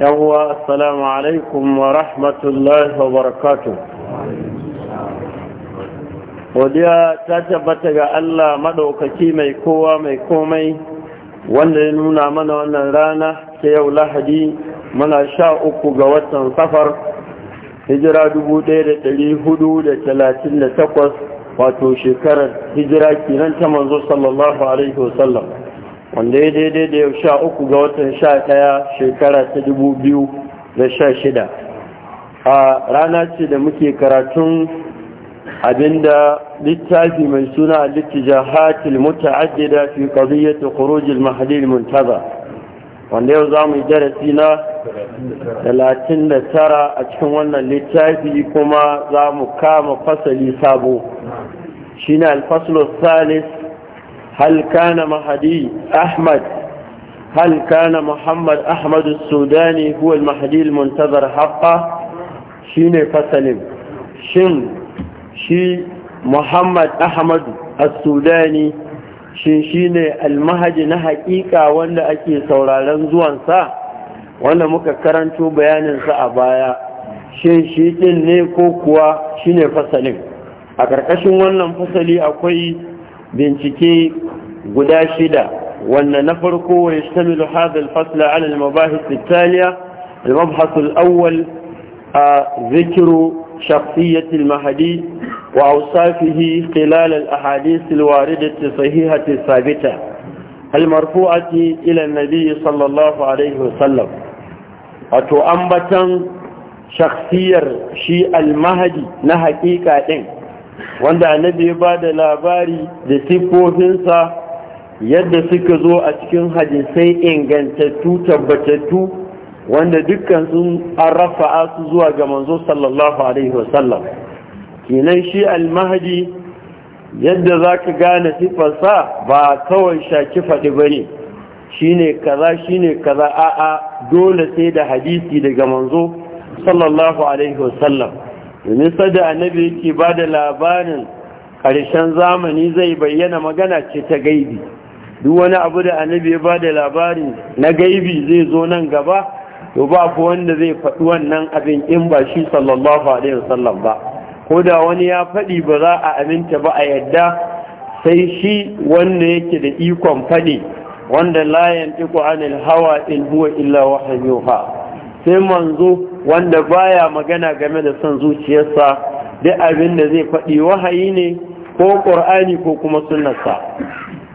yawwa assalamu alaikum wa rahmatullahi wa barakatu godiya ta tabbata ga Allah madaukaki mai kowa mai komai wanda ya nuna mana wannan rana ta yau lahadi muna sha uku ga watan safar hijira 1438 wato shekarar hijira kinan ta manzo sallallahu alaihi wasallam wanda ya daidai da yau sha uku ga watan sha ɗaya shekara ta dubu biyu da sha shida a rana ce da muke karatun abinda littafi mai suna ajiye da fi qadiyyati fi al-mahdi al-muntaza wanda yau za mu yi darasi na tara a cikin wannan littafi kuma za mu kama fasali sabo Shi na faslu salis هل كان مهدي أحمد هل كان محمد أحمد السوداني هو المهدي المنتظر حقا شين فسلم شن شي محمد أحمد السوداني shin shi ne almahadi na haƙiƙa wanda ake sauraron zuwansa wanda muka karanto bayaninsa a baya shin shi ɗin ne ko kuwa shine fasalin a ƙarƙashin wannan fasali akwai bincike guda shida wanda na farko wa ya shi hadal fasla ala mabahis italiya al-mabhasul awwal a zikiru shafiyyatul mahadi wa awsafihi khilal al-ahadith al-waridah sahihah thabita al-marfu'ati ila an-nabi sallallahu alayhi wa ato ambatan shakhsiyar shi al-mahadi na haqiqa din wanda annabi ya ba da labari da siffofinsa yadda suka zo a cikin hadisai ingantattu tabbatattu wanda dukkan sun an rafa'a su zuwa ga manzo sallallahu alaihi wasallam kinan shi Al-mahdi, yadda za ka gane siffarsa ba kawai shaki faɗi ba ne shine kaza shine kaza a'a dole sai da hadisi daga manzo sallallahu alaihi wasallam domin sada annabi yake ba da labarin ƙarshen zamani zai bayyana magana ce ta gaibi duk wani abu da annabi ya ba da labari na gaibi zai zo nan gaba to ba ku wanda zai faɗi wannan abin in ba shi sallallahu alaihi wasallam ba ko da wani ya faɗi ba za a aminta ba a yadda sai shi wanda yake da ikon faɗi wanda la yantiqu anil hawa in huwa illa wahyuha sai manzo wanda baya magana game da son zuciyarsa da abin da zai faɗi wahayi ne ko ƙur'ani ko kuma sunnarsa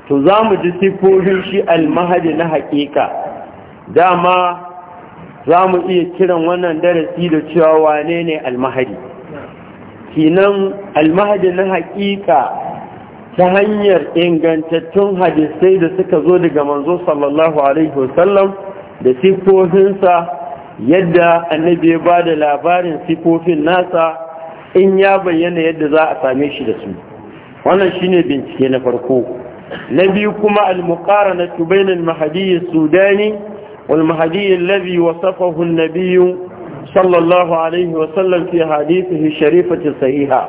to za mu ji sifofin shi almahadi na haƙiƙa dama za mu iya kiran wannan darasi da cewa wane ne almahadi kinan almahadi na haƙiƙa ta hanyar ingantattun hadisai da suka zo daga manzo sallallahu alaihi wasallam da sifofinsa. yadda annabi ya ba da labarin sifofin nasa in ya bayyana yadda za a same shi da su wannan shine bincike na farko na biyu kuma al-muqarana bain al-mahdi sudani wal mahdi alladhi wasafahu an sallallahu alaihi wa sallam fi hadithihi sharifati sahiha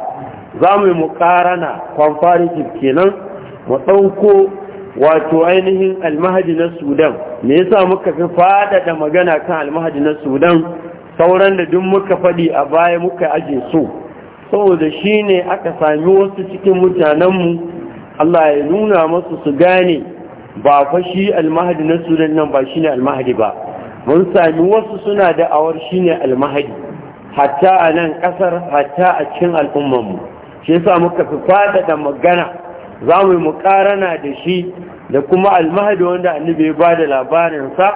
zamu muqarana comparative kenan mu ɗauko wato ainihin almahadi na sudan me yasa muka fi faɗaɗa magana kan almahadi na sudan sauran da duk muka faɗi a baya muka aje so saboda shine aka sami wasu cikin mutanenmu allah ya nuna masu su gane ba fa shi almahadi na sudan nan ba shi ne almahadi ba mun sami wasu suna da'awar shi ne almahadi hatta a nan ƙasar hatta a cikin al'ummanmu shi yasa muka fi faɗaɗa magana za mu yi muƙarana da shi da kuma almahadi wanda annabi ya ba da labarinsa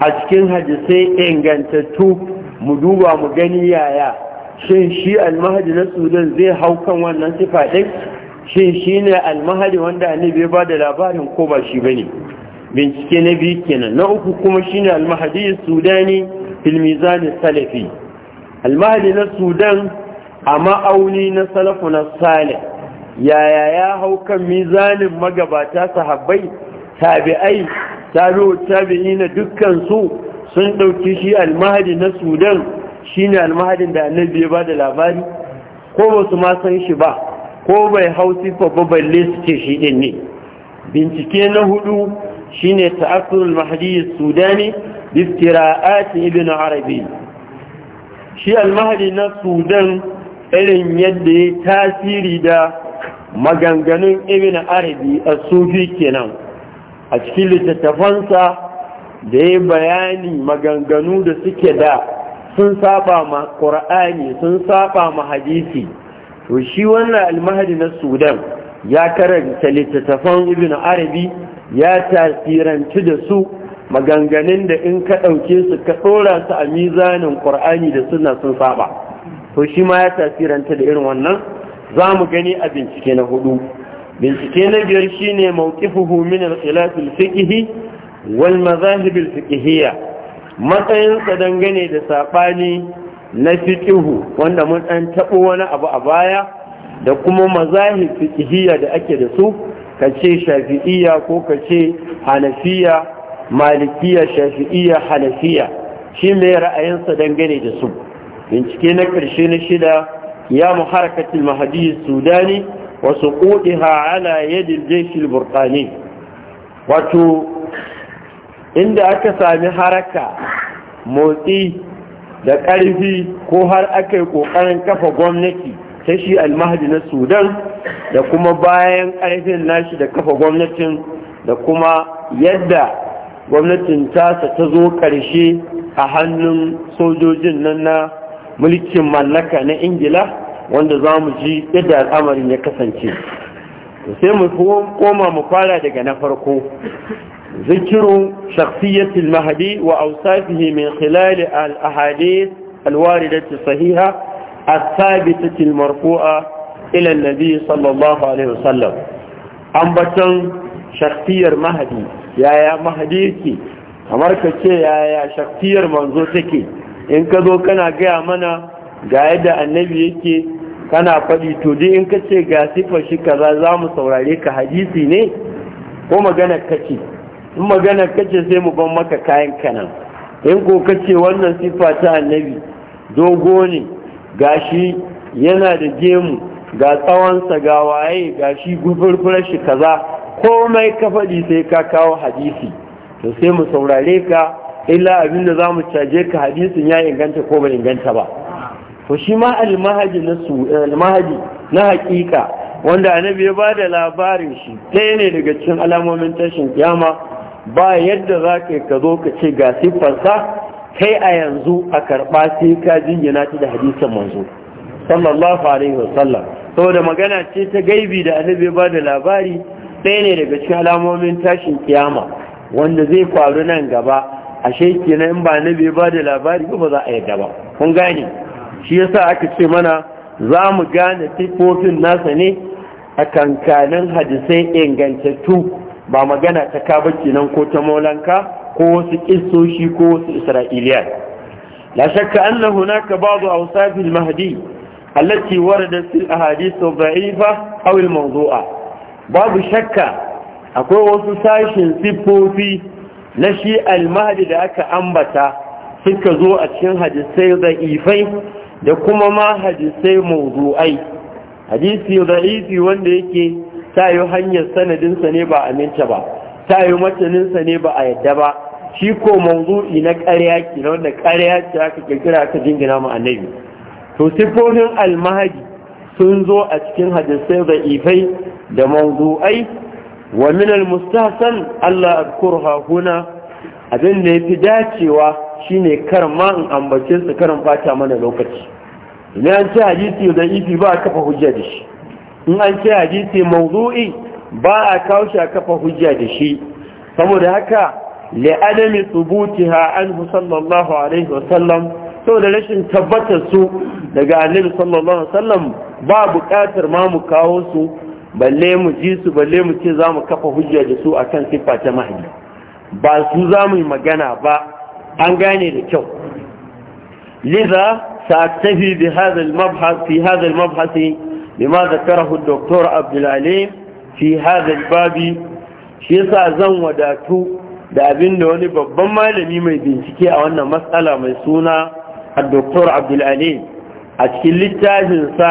a cikin hadisai ingantattu mu duba mu gani yaya shin shi almahadi na sudan zai hau kan wannan sifa ɗin shin shi ne almahadi wanda annabi ya ba da labarin ko ba shi bane ne bincike na biyu kenan na uku kuma shi ne almahadi sudani filmizani salafi almahadi na sudan a ma'auni na salafu na Sale. yaya ya hau kan mizanin magabata sahabbai tabi'ai tabi'u tabi'ina dukkan su sun ɗauki shi almahadi na sudan shine almahadin da annabi ya bada labari ko ba su ma san shi ba ko bai hau sifa ba balle su ce shi din ne bincike na hudu shine ta'assurul mahdi sudani biftira'at ibn arabi shi almahadi na sudan irin yadda ya tasiri da maganganun ibina arabi a sufi kenan a cikin littattafansa da ya bayani maganganu da suke da sun saba ma ƙura'ani sun saba ma hadisi to shi wannan almahadi na sudan ya karanta littattafan ibina arabi ya tasiranci da su maganganun da in ka ɗauke su ka ɗora su a mizanin ƙur'ani da suna sun saba to shi ma ya tasiranta da irin wannan za mu gani a bincike na hudu bincike na biyar shine mawqifuhu min al-khilaf al-fiqhi wal mazahib al-fiqhiyya matsayin dangane da sabani na fiqhu wanda mun dan tabo wani abu a baya da kuma mazahib fiqhiyya da ake da su kace shafi'iyya ko kace hanafiya malikiya shafi'iyya hanafiya shi mai ra'ayinsa dangane da su bincike na ƙarshe na shida قيام حركة المهدي السوداني وسقوطها على يد الجيش البرقاني wato inda aka sami haraka motsi da ƙarfi ko har aka yi ƙoƙarin kafa gwamnati ta shi al-mahdi na sudan da kuma bayan ƙarfin nashi da kafa gwamnatin da kuma yadda gwamnatin tasa ta zo ƙarshe a hannun sojojin nan na mulkin mallaka na ingila wanda za mu ji yadda al'amarin ya kasance sai mu koma mu fara daga na farko zikiru shakhsiyatul mahadi wa awsafihi min khilal al ahadith al sahiha al thabitati al marfu'a ila an nabi sallallahu alaihi wasallam ambatan shakhsiyar Mahadi, yaya mahdi yake kamar ka ce yaya shakhsiyar manzo take in ka zo kana gaya mana ga yadda annabi yake kana faɗi to dai in ka ce ga siffar shi kaza za mu saurare ka hadisi ne ko magana kace in magana kace sai mu ban maka kayan kanan in ko kace wannan siffa ta annabi dogo ne gashi yana da gemu ga tsawonsa ga waye gashi gufurfurar shi kaza komai ka faɗi sai ka kawo hadisi to sai mu saurare ka illa abinda za mu caje ka hadisin ya inganta ko bai inganta ba to shi ma almahadi na su na hakika wanda annabi ya ba da labarin shi ɗaya ne daga cikin alamomin tashin kiyama ba yadda za ka ka zo ka ce ga siffarsa kai a yanzu a karɓa sai ka jingina ta da hadisin manzo sallallahu alaihi wasallam saboda magana ce ta gaibi da annabi ya ba da labari ɗaya ne daga cikin alamomin tashin kiyama wanda zai faru nan gaba ashe kenan in ba nabi ba da labari ba za a yadda ba kun gane shi yasa aka ce mana za mu gane tifofin nasa ne a kankanin hadisai ingantattu ba magana ta kaba kenan ko ta maulanka ko wasu kissoshi ko wasu isra'iliya la shakka anna hunaka ba'du awsaf al-mahdi allati waradat fil ahadith ad-da'ifa aw al-mawdu'a babu shakka akwai wasu sashin siffofi na shi almahadi da aka ambata suka zo a cikin hadisai za'ifai da kuma ma hadisai mawdu'ai hadisi za'ifi wanda yake ta yi hanyar sanadinsa ne ba a minta ba ta yi mataninsa ne ba a yadda ba shi ko mawdu'i na ƙarya ki, na wanda ƙarya ce aka kirkira aka jingina mu annabi to sifofin almahadi sun zo a cikin hadisai za'ifai da mawdu'ai wa min mustahsan Allah adkurha huna abin da yafi dacewa shine kar ma in ambace su karin bata mana lokaci in an ce hadisi da ifi ba a kafa hujja da shi in an ce hadisi mawdu'i ba a kawo shi a kafa hujja da shi saboda haka adami thubutiha anhu sallallahu alaihi wa sallam saboda rashin tabbatar su daga annabi sallallahu alaihi wa sallam ba buƙatar ma mu kawo su balle mu ji su balle mu ce za mu kafa hujja da su akan siffa ta mahdi ba su za mu magana ba an gane da kyau liza sa'tafi bi hadha al-mabhas fi hadha mabhas bima zakarahu Abdul Alim fi babi shi yasa zan wadatu da abin da wani babban malami mai bincike a wannan matsala mai suna dr doktor Abdul Alim a cikin littafinsa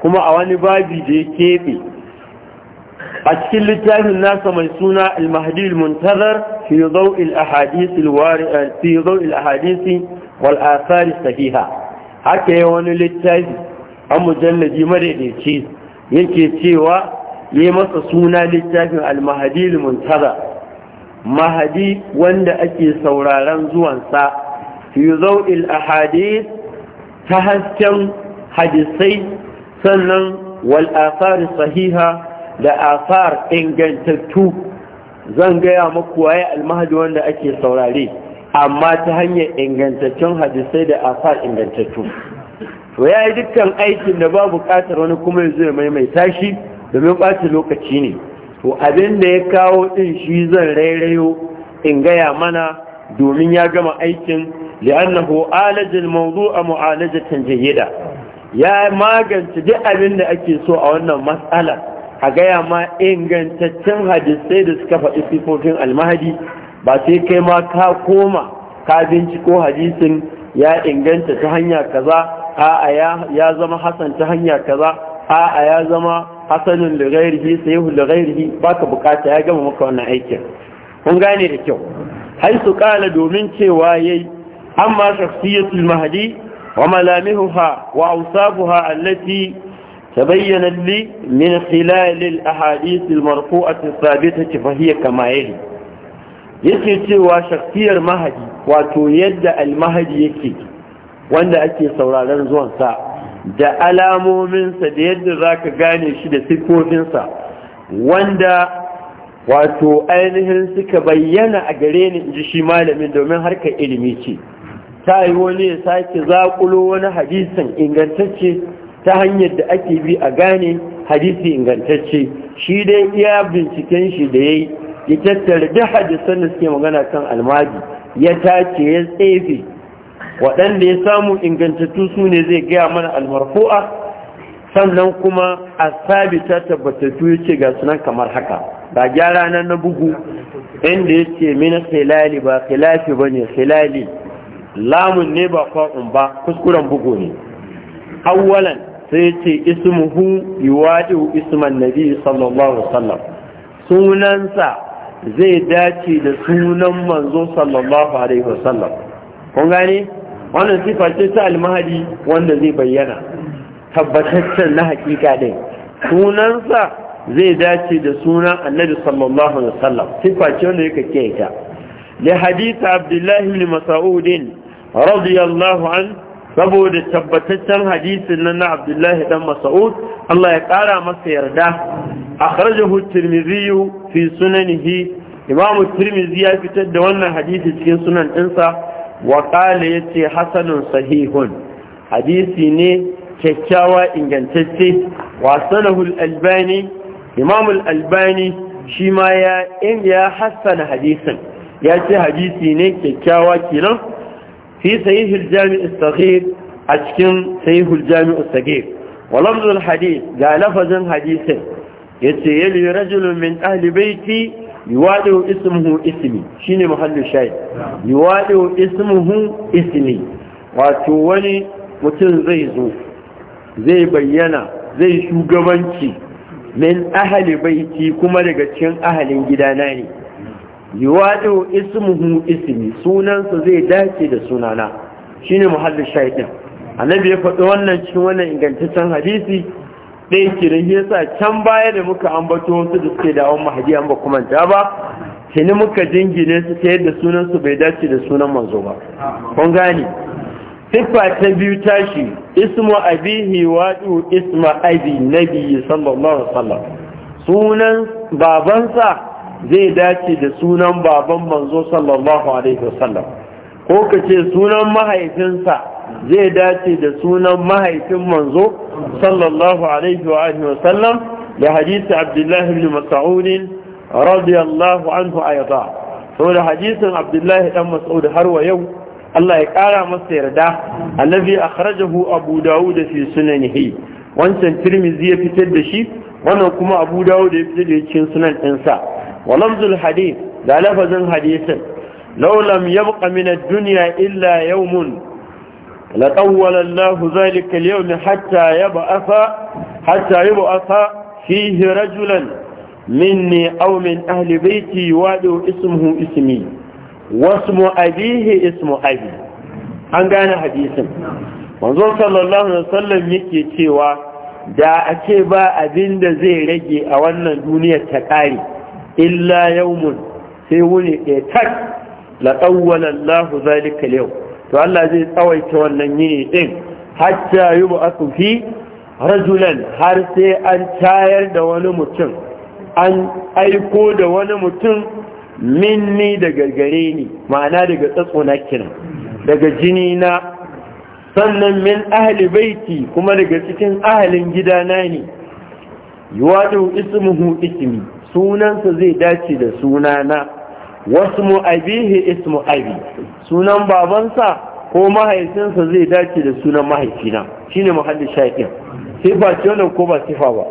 kuma a wani babi da ya keɓe a cikin littafin nasa mai suna al-mahdi al-muntazar fi dawil ahadith al-wari eh, fi dawil ahadith wal athar sahiha haka yayin wani littafi an mujalladi madaidaici yake cewa yayi masa suna littafin al-mahdi al-muntazar mahadi wanda ake sauraron zuwansa fi dawil ahadith ta hasken hadisai sannan wal athar sahiha da asar ingantattu zan gaya muku waye almahadi wanda ake saurare amma ta hanyar ingantaccen hadisai da asar ingantattu to ya dukkan aikin da ba buƙatar wani kuma ya ya maimaita shi domin ɓata lokaci ne to abin da ya kawo ɗin shi zan rairayo in gaya mana domin ya gama aikin li'annahu alajil mawdu'a mu'alajatan jayyida ya magance duk abin da ake so a wannan matsalar. a gaya ma ingantaccen hadisai da suka faɗi sifofin almahadi ba sai kai ma ka koma ka binciko hadisin ya inganta ta hanya kaza a'a ya zama hasan ta hanya kaza a'a ya zama hasanun lagairihi da gairihi ba ka bukata ya gama maka wannan aikin kun gane da kyau Hai su kala domin cewa yayi amma shakhsiyatul mahdi wa malamihuha wa awsafuha allati تبين لي من خلال الأحاديث المرفوعة الثابتة فهي كما يلي yake cewa shakfiyar mahadi wato yadda almahadi yake wanda ake sauraron zuwansa da alamominsa da yadda za ka gane shi da siffofinsa wanda wato ainihin suka bayyana a gare ni ji shi malamin domin harkar ilimi ce ta yi wani ya sake zaƙulo wani hadisin ingantacce ta hanyar da ake bi a gane hadisi ingantacce shi dai iya binciken shi da yayi ya tattara duk hadisan da suke magana kan almadi ya tace ya tsefe waɗanda ya samu ingantattu su ne zai gaya mana almarfu'a sannan kuma a sabita tabbatattu ya ce ga sunan kamar haka ba gyara nan na bugu inda ya ce mina khilali ba khilafi ba ne khilali lamun ne ba kwa'un ba kuskuren bugu ne awwalan sai ce ismuhu yuwadu isman nabi sallallahu alaihi wasallam sunansa zai dace da sunan manzo sallallahu alaihi wasallam kun gane wannan sifa ce ta almahadi wanda zai bayyana tabbataccen na hakika ɗin. sunansa zai dace da sunan annabi sallallahu alaihi wasallam sifa ce wanda yake kiyaye ta li hadith abdullahi ibn mas'ud radiyallahu anhu saboda tabbataccen hadisin nan na abdullahi dan mas'ud Allah ya kara masa yarda akhrajahu tirmidhi fi sunanihi imam tirmidhi ya fitar da wannan hadisi cikin sunan dinsa wa qala yace hasanun sahihun hadisi ne kyakkyawa ingantacce wa al-albani imam al-albani shi ma ya in ya hassana hadisin ya ce hadisi ne kyakkyawa kenan fi sahihul jami'us saghir a cikin sahihul jami'us saghir wa lafzul hadith ga lafazin hadisin yace yali rajulun min ahli baiti yuwadu ismuhu ismi shine muhallu shay yuwadu ismuhu ismi wato wani mutum zai zo zai bayyana zai shugabanci min ahli baiti kuma daga cikin ahalin gidana ne yuwaɗu ismuhu ismi sunansa zai dace da sunana shine muhallin shaitan annabi ya faɗi wannan cikin wannan ingantaccen hadisi ɗaya kirin sa can baya da muka ambato wasu da suke dawon mahadi an ba kuma ta ba tuni muka jingine su ta yadda sunansu bai dace da sunan manzo ba kun gane siffa ta biyu tashi ismu abihi waɗu isma abi nabi sallallahu alaihi wasallam sunan babansa zai dace da sunan baban manzo sallallahu alaihi wasallam ko ka ce sunan mahaifinsa zai dace da sunan mahaifin manzo sallallahu alaihi wa alihi wasallam da hadisi abdullahi ibn mas'ud radiyallahu anhu ayda saboda hadisin Abdullahi dan mas'ud har wa yau Allah ya kara masa yarda a akhrajahu abu dawud fi sunanihi wancan tirmizi ya fitar da shi wannan kuma abu dawud ya fitar da cikin sunan ɗinsa wa lafzul hadith da lafazin hadisin law lam yabqa min ad-dunya illa yawmun la tawwala Allah zalika al-yawm hatta yab'atha hatta yab'atha fihi rajulan minni aw min ahli bayti wadu ismuhu ismi wasmu abihi ismu abi an gane hadisin manzo sallallahu alaihi wasallam yake cewa da a ce ba abin da zai rage a wannan duniyar ta ƙare illa yawmun sai wuni ɗaya tak la tsawwala Allah zalika yau to Allah zai tsawaita wannan yini din hatta yub'athu fi rajulan har sai an tayar da wani mutum an aiko da wani mutum minni daga gare ni ma'ana daga tsatsona kenan daga jini na sannan min ahali baiti kuma daga cikin ahalin gidana ne yuwadu ismuhu ismi sunansa zai dace da sunana wasu mu abihi ismu abi sunan babansa ko mahaifinsa zai dace da sunan mahaifina shine muhallin shaƙin sifa ce wannan ko ba sifa ba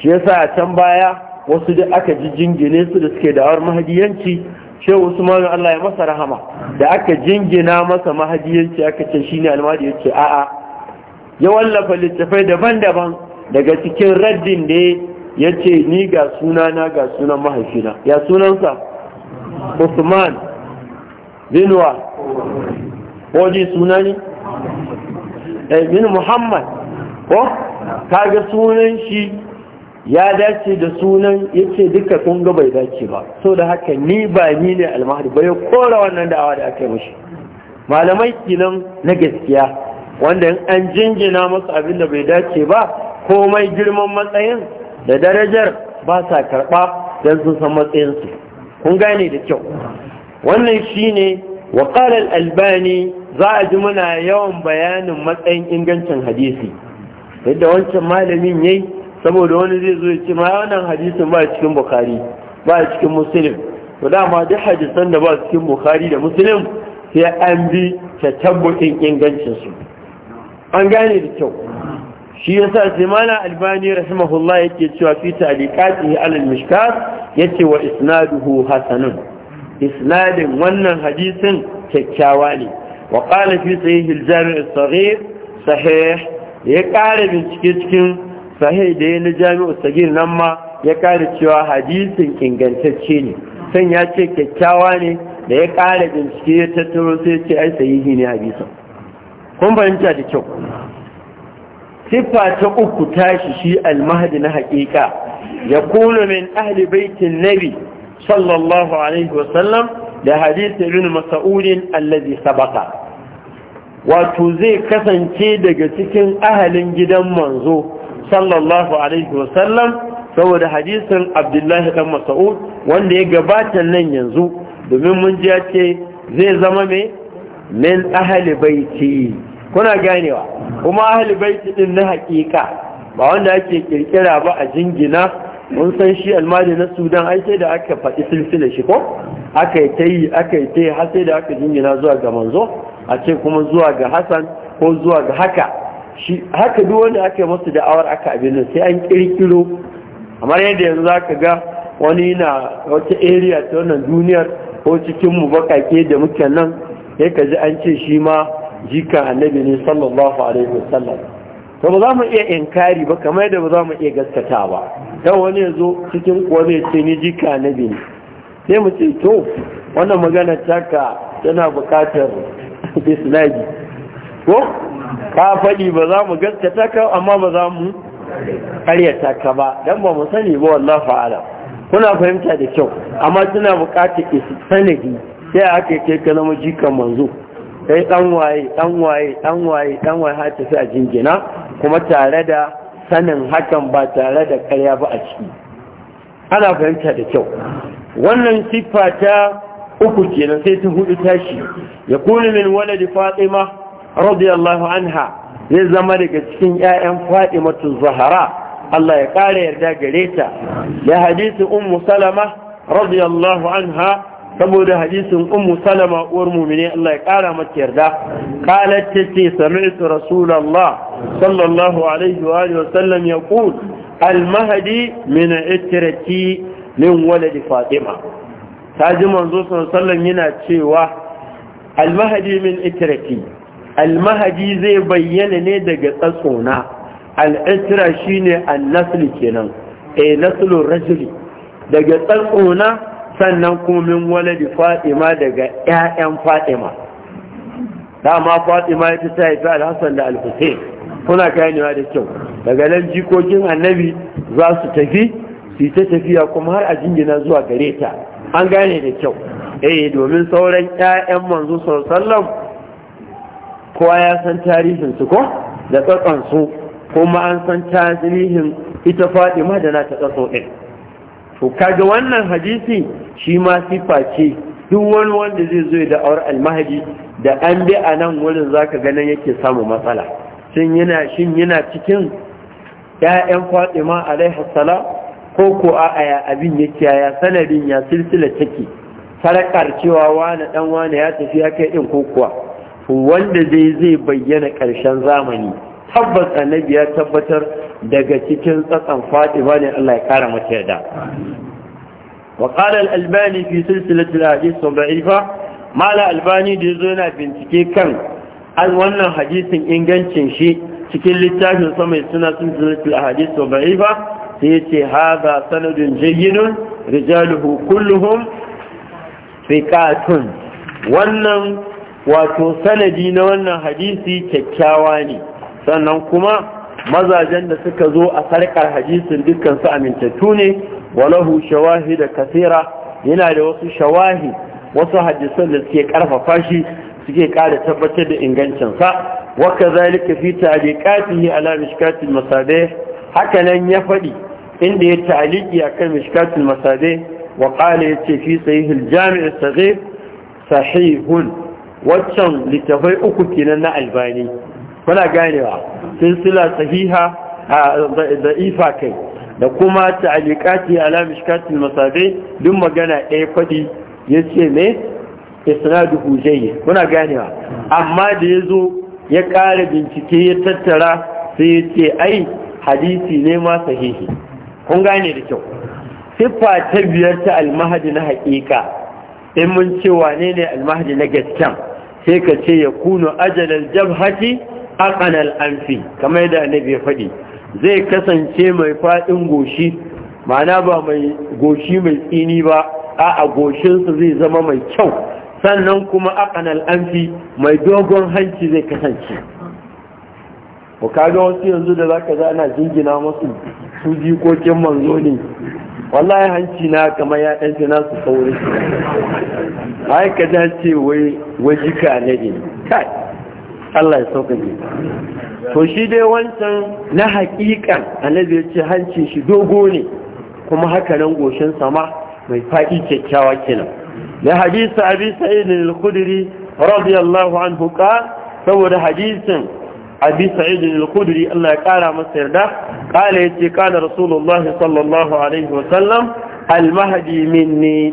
shi yasa a can baya wasu da aka ji jingine su da suke da'awar mahadiyanci shehu usmanu Allah ya masa rahama da aka jingina masa mahadiyanci aka ce shine almadi yace a'a ya wallafa littafai daban-daban daga cikin raddin da ya ce ni ga sunana ga sunan mahaifina ya sunansa usman binuwa waje suna ne eh, bin muhammad ko kaga sunan shi ya dace da sunan ya ce duka sun ga bai dace ba so da haka ni ba ni ne almahdi ba ya kora wannan da'awa da aka yi mashi. malamai kinan na gaskiya wanda an jingina masu abin da bai dace ba komai girman matsayin da darajar ba sa karɓa don sun san matsayinsu kun gane da kyau wannan shi ne wa ƙarar albani za a ji muna yawan bayanin matsayin ingancin hadisi yadda wancan malamin yayi saboda wani zai zo ya ce ma wannan hadisin ba cikin bukhari ba cikin muslim ba dama duk hadisan da ba cikin bukhari da muslim sai an bi ta tabbatin ingancinsu? an gane da kyau shi yasa sai mala albani rahimahullah yake cewa fi ta'liqatihi alal mishkat yace wa isnaduhu hasanun isnadin wannan hadisin kyakkyawa ne wa qala fi sahih al-jami' saghir sahih ya kare bincike cikin sahih da yana jami' as nan ma ya kare cewa hadisin ingantacce ne san ya ce kyakkyawa ne da ya kare bincike ya tattaro sai ya ce ai sahihi ne hadisin kun fahimta da kyau sifa ta uku tashi shi almahdi na haƙiƙa ya kuna min ahli baitin nabi sallallahu alaihi wasallam da hadisi ibn mas'udin allazi sabaka wato zai kasance daga cikin ahalin gidan manzo sallallahu alaihi wasallam saboda hadisin abdullahi dan mas'ud wanda ya gabata nan yanzu domin mun ji ce zai zama mai min ahli baiti kuna ganewa kuma ahli baiti din na hakika ba wanda ake kirkira ba a jingina mun san shi almadi na sudan ai sai da aka faɗi silsila shi ko aka yi ta yi aka yi har sai da aka jingina zuwa ga manzo a ce kuma zuwa ga hasan ko zuwa ga haka shi haka duk wanda aka yi masu da'awar aka abin sai an kirkiro kamar yadda yanzu zaka ga wani na wata area ta wannan duniyar ko cikin mu bakake da muke nan sai ka ji an ce shi ma jika annabi ne sallallahu alaihi wasallam to ba za mu iya inkari ba kamar da ba za mu iya gaskata ba dan wani ya zo cikin kuwa zai ce ni jika annabi ne sai mu ce to wannan magana taka tana bukatar isnadi ko ka faɗi ba za mu gaskata ka amma ba za mu ƙaryata ka ba dan ba mu sani ba wallahi fa'ala kuna fahimta da kyau amma suna bukatar sanadi sai aka kai ka zama jikan manzo kai dan waye dan waye dan waye dan waye har ta a jingina kuma tare da sanin hakan ba tare da karya ba a ciki ana fahimta da kyau wannan siffa ta uku kenan sai ta hudu tashi ya kuni min waladi fatima radiyallahu anha zai zama daga cikin 'ya'yan tu zahara Allah ya ƙara yarda gare ta da hadisi ummu salama radiyallahu anha saboda hadisin ummu salama uwar mu'mini Allah ya kara mata yarda ta tace sami'tu rasulullah sallallahu alaihi wa sallam, ya yaqul al-mahdi min itrati min waladi fatima Ta ji manzo sallallahu yana cewa al-mahdi min itrati al-mahdi zai bayyana ne daga tsatsona al-itra shine an-nasl kenan eh naslur rajuli daga tsatsona sannan kuma min waladi fatima daga ƴaƴan fatima dama fatima ita ta haifi alhassan da al-hussein kuna ganewa da kyau daga nan jikokin annabi za su tafi su ta tafiya kuma har a jingina zuwa gare ta an gane da kyau eh domin sauran ƴaƴan manzo sallallahu kowa ya san tarihin su ko da tsatsan su kuma an san tarihin ita fatima da na ta tsatso ɗin to kaga wannan hadisi shi ma sifa ce duk wani wanda zai zo da al almahadi da an bi a nan wurin zaka ga yake samu matsala shin yana shin yana cikin ƴaƴan Fatima alaiha salam ko ko a aya abin yake ya sanadin ya silsila take Farkar cewa wani dan wani ya tafi ya kai din ko wanda zai zai bayyana ƙarshen zamani tabbas annabi ya tabbatar daga cikin tsatsan fatima ne Allah ya kara mata yarda wa qala al-albani fi silsilati al-hadith da'ifa mala albani da yazo yana bincike kan wannan hadisin ingancin shi cikin littafin sa mai suna silsilati al-hadith da'ifa sai yace hadha sanadun jayyidun rijaluhu kulluhum fiqatun wannan wato sanadi na wannan hadisi kyakkyawa ne sannan kuma mazajen da suka zo a sarƙar hadisin dukkansu amintattu ne walahu shawahi da kasira yana da wasu shawahi wasu hadisan da suke ƙarfafa shi suke ƙara tabbatar da ingancinsa waka zalika fi ta'liqati ala mishkatil masabih haka nan ya faɗi. inda ya ta'liqi akan mishkatil masabih wa qala yace fi sahihil jami' as-saghir sahihun waccan littafai uku kenan na albani kuna ganewa silsila sahiha a ifa kai da kuma ta'aliqati ala mishkatil masabe duk magana ɗaya fadi yace ne isnaduhu jayyid kuna ganewa amma da ya zo ya ƙara bincike ya tattara sai yace ai hadisi ne ma sahihi kun gane da kyau siffa ta biyar ta almahadi na haƙiƙa in mun ce wane ne almahadi na gaskiya sai ka ce ya kuno ajalar jabhati aqanal anfi kamar yadda annabi ya faɗi zai kasance mai faɗin goshi ma'ana ba mai goshi mai tsini ba a goshinsa zai zama mai kyau sannan kuma aqanal anfi mai dogon hanci zai kasance ko ga wasu yanzu da zaka za ana jingina musu su jikokin manzo ne wallahi hanci na kamar ya ɗan jina su sauri ai ka dace wai wajika ne kai Allah ya sauƙaƙe to shi dai wancan na haƙiƙan annabi ya ce hanci shi dogo ne kuma haka nan goshin sama mai faɗi kyakkyawa kenan da hadisi abi sa'id al-khudri radiyallahu anhu ka saboda hadisin abi sa'id al-khudri Allah ya kara masa yarda qala yace kana rasulullahi sallallahu alaihi wa sallam al-mahdi minni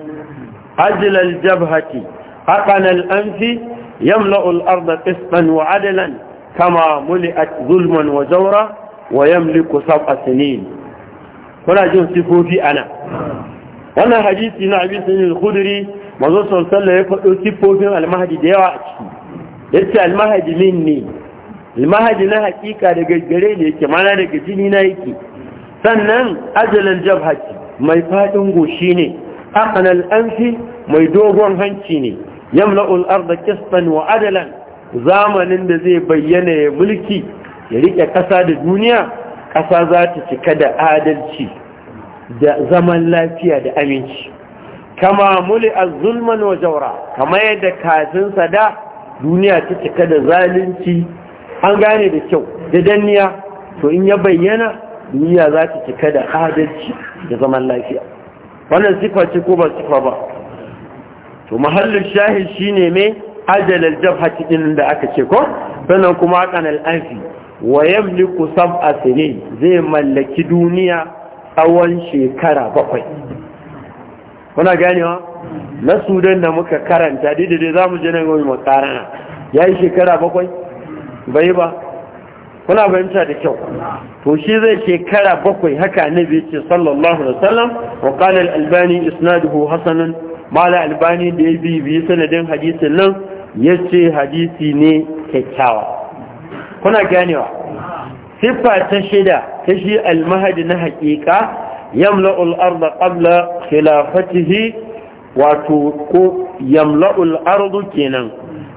ajla al-jabhati aqana al-anfi يملأ الأرض قسطا وعدلا كما ملئت ظلما وجورا ويملك سبع سنين هنا جون صفوفي أنا wannan hadisi na abin sunan al-khudri manzo sallallahu alaihi ya faɗo sifofin al-mahdi da yawa a ciki yace al-mahdi min ne al-mahdi na hakika daga gare ne yake mana daga jini na yake sannan ajalan jabhati mai faɗin goshi ne aqnal anfi mai dogon hanci ne yamla'ul arda qistan wa adalan zamanin da zai bayyana ya mulki ya rike kasa da duniya kasa za ta cika da adalci da zaman lafiya da aminci kama muli az-zulman wa jawra kama yadda kafin sada duniya ta cika da zalunci an gane da kyau da danniya to in ya bayyana duniya za ta cika da adalci da zaman lafiya wannan sifa ce ko ba sifa ba to mahallin shahid ne mai ajalal jabhati din da aka ce ko sannan kuma kanal anfi wa yamliku sab'a sinin zai mallaki duniya tsawon shekara bakwai kuna ganewa na sudan da muka karanta daidai za mu je nan gobe makarana ya yi shekara bakwai bai ba kuna fahimta da kyau to shi zai shekara bakwai haka annabi ya ce sallallahu alaihi wasallam wa qala al-albani isnaduhu hasanun mala albani da ya bibi sanadin hadisin nan ya ce hadisi ne kyakkyawa kuna ganewa siffa ta shida ta shi almahadi na haƙiƙa yamla'ul arda qabla khilafatihi wato ko yamla'ul ardu kenan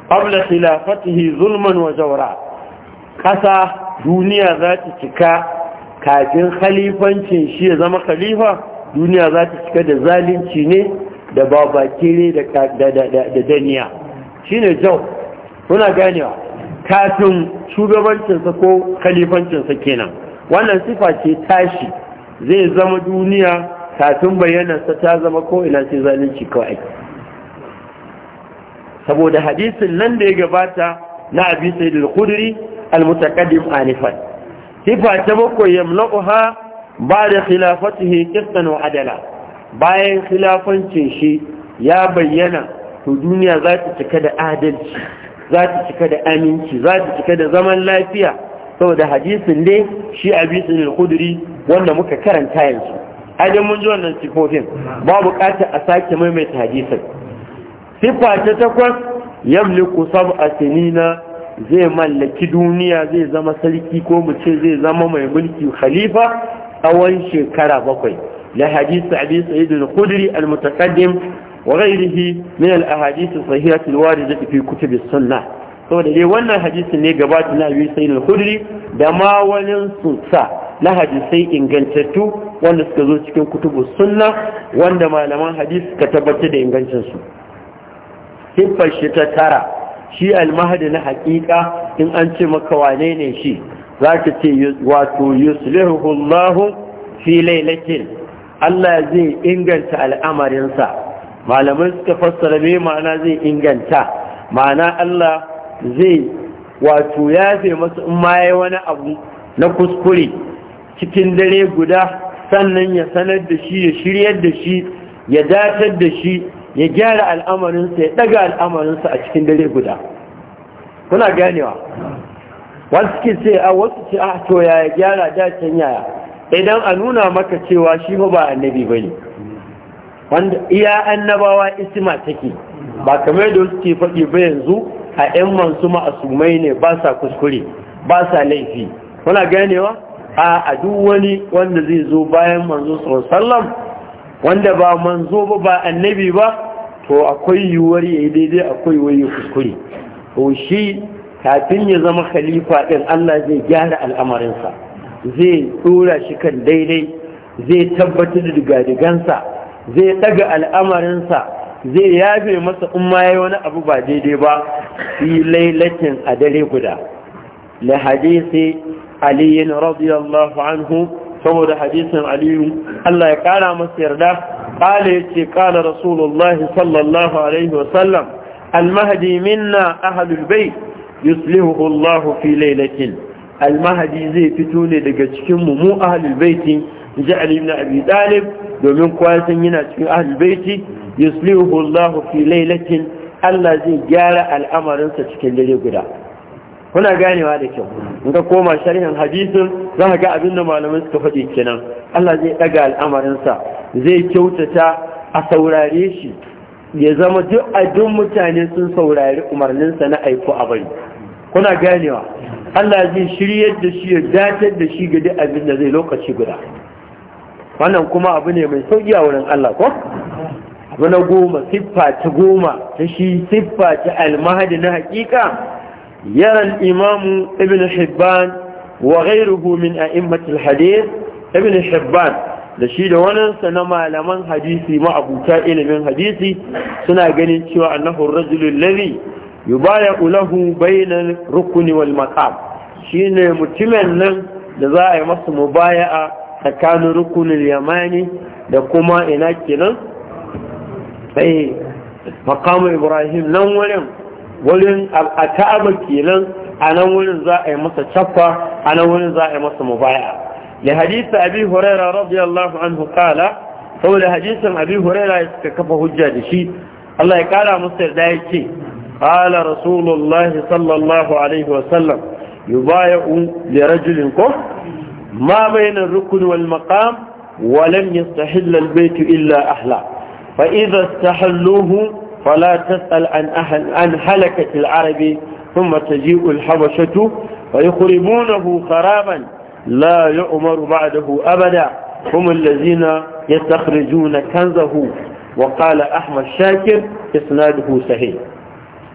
qabla khilafatihi zulman wa jawra ƙasa duniya za ta cika kafin khalifancin shi ya zama khalifa duniya za ta cika da zalunci ne da ne da daniya shi ne jau kuna ganewa kafin shugabancinsa ko kalifancinsa kenan wannan sifa ce tashi zai zama duniya kafin bayyanarsa ta zama ko'ina ce zalunci kawai saboda hadisin nan da ya gabata na abi sai da almutakaddim anifan sifa ta bakwai yamla'uha ba da khilafatihi qistan wa adala bayan khilafancin shi ya bayyana to duniya za ta cika da adalci za ta cika da aminci za ta cika da zaman lafiya saboda hadisin dai shi abisin al kuduri wanda muka karanta yanzu Adamu, mun ji wannan sifofin ba bukatar a sake maimaita hadisin sifa ta takwas yamliku sab'a sinina zai mallaki duniya zai zama sarki ko mu ce zai zama mai mulki khalifa tsawon shekara bakwai لحديث أبي سعيد الخدري المتقدم وغيره من الأحاديث الصحيحة الواردة في كتب السنة saboda dai wannan hadisin ne gaba na biyu sai hudri da ma wani sa na hadisai ingantattu wanda suka zo cikin kutubu sunna wanda malaman hadis suka tabbatar da ingancinsu siffar shi ta tara shi almahadi na hakika in an ce maka wane ne shi za ka ce wato yuslihu Allahu fi lailatin Allah zai inganta al'amarinsa malamai suka fassara me ma'ana zai inganta ma'ana Allah zai wato yafe masu in ma wani abu na kuskure cikin dare guda sannan ya sanar da shi ya shiryar da shi ya datar da shi ya gyara al'amarinsa ya daga al'amarinsa a cikin dare guda kuna ganewa wasu ke sai a wasu ce a ah, to ya gyara dacen yaya idan a nuna maka cewa shi ba annabi ba ne wanda iya annabawa isma take ba kamar da suke faɗi ba yanzu a 'yan masu ma'asumai ne ba sa kuskure ba sa laifi kuna ganewa a adu duk wani wanda zai zo bayan manzo sallam wanda ba manzo ba ba annabi ba to akwai yiwuwar ya yi daidai akwai wani kuskure to shi kafin ya zama khalifa ɗin Allah zai gyara al'amarinsa zai dora shi kan daidai zai tabbatar da digadigansa zai daga al'amarinsa zai yabe masa umma yayi wani abu ba daidai ba fi lailatin a dare guda la hadisi ali radiyallahu anhu saboda hadisin aliyu Allah ya kara masa yarda ala yace kara rasulullahi sallallahu alaihi wa sallam al-mahdi minna ahlul bayt yuslihu Allah fi lailatin almahadi zai fito ne daga cikin mu mu ahlul baiti ji ali ibn abi talib domin kowa san yana cikin ahlul baiti yuslihu Allahu fi lailatin Allah zai gyara al'amarinsa cikin dare guda kuna ganewa da kyau in ka koma sharhin hadisin za ka ga abin da malamai suka faɗi kenan Allah zai ɗaga al'amarinsa zai kyautata a saurare shi ya zama duk mutane sun saurari umarninsa na aiko a bari kuna ganewa Allah zai shiryar da shi ya datar da shi ga duk abin da zai lokaci guda wannan kuma abu ne mai sauki a wurin Allah ko abu na goma siffa ta goma ta shi siffa ta almahadi na hakika yaran imamu ibn hibban wa ghayruhu min a'immat alhadith ibn hibban da shi da wani na malaman hadisi ma abuta ilimin hadisi suna ganin cewa annahu rajulul ladhi yubaya ulahu bainan rukuni wal maqam shine mutumin nan da za a yi masa mubaya'a tsakanin rukunin yamani da kuma ina kenan sai maqamu ibrahim nan wurin wurin al'ataba kenan a nan wurin za a yi masa caffa a nan wurin za a yi masa mubaya'a da hadisa abi huraira radiyallahu anhu kala saboda hadisin abi huraira ya suka kafa hujja da shi Allah ya kara musu yarda ya ce قال رسول الله صلى الله عليه وسلم يبايع لرجل كف ما بين الركن والمقام ولم يستحل البيت إلا أحلى فإذا استحلوه فلا تسأل عن, أهل عن هلكة العرب ثم تجيء الحبشة فيخربونه خرابا لا يؤمر بعده أبدا هم الذين يستخرجون كنزه وقال أحمد شاكر إسناده صحيح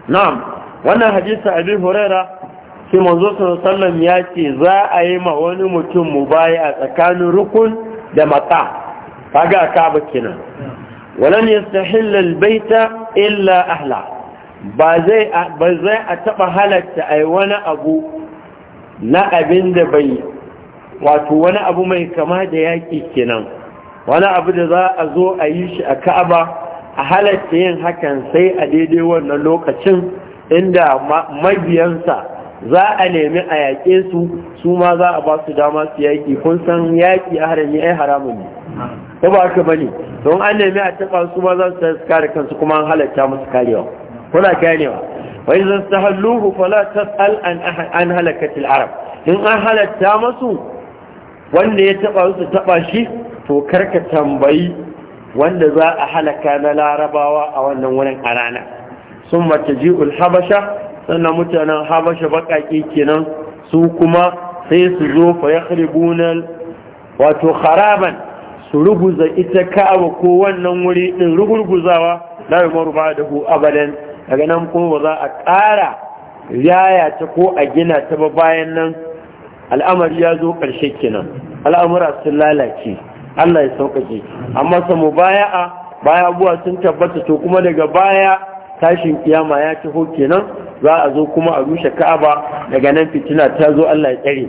na'am wannan hadisi abi huraira shi manzo sallam ya ce za a yi ma wani mutum mubaya a tsakanin rukun da maka kaga ka bakina walan yastahilla albayta illa ahla ba zai ba zai a taba halatta ai wani abu na abin da bai wato wani abu mai kama da yaki kenan wani abu da za a zo a yi shi a ka'aba a halatta yin hakan sai a daidai wannan lokacin inda mabiyansa za a nemi a yaƙe su su ma za a ba su dama su yaƙi kun san yaƙi a harami ai haramun ne ko ba haka bane don an nemi a taɓa su ma za su kare kansu kuma an halatta musu karewa kuna ganewa wa in zan sahalluhu fala tasal an an halakatil arab in an halatta masu wanda ya taɓa su taɓa shi to karka tambayi wanda za a halaka na larabawa a wannan wurin a rana sun mace ji'ul habasha sannan mutanen habasha baƙaƙe kenan su kuma sai su zo fa ya wato haraban su ruguza ita ka'aba ko wannan wuri ɗin ruguzawa na yumaru ba da ku abadan daga nan kuma ba za a ƙara yaya ta ko a gina ta ba bayan nan al'amari ya zo ƙarshe kenan al'amura sun lalace Allah ya sauƙaƙe amma samu baya a baya abuwa sun tabbata to kuma daga baya tashin kiyama ya hoke nan, za a zo kuma a rushe ka'aba daga nan fitina ta zo Allah ya tsare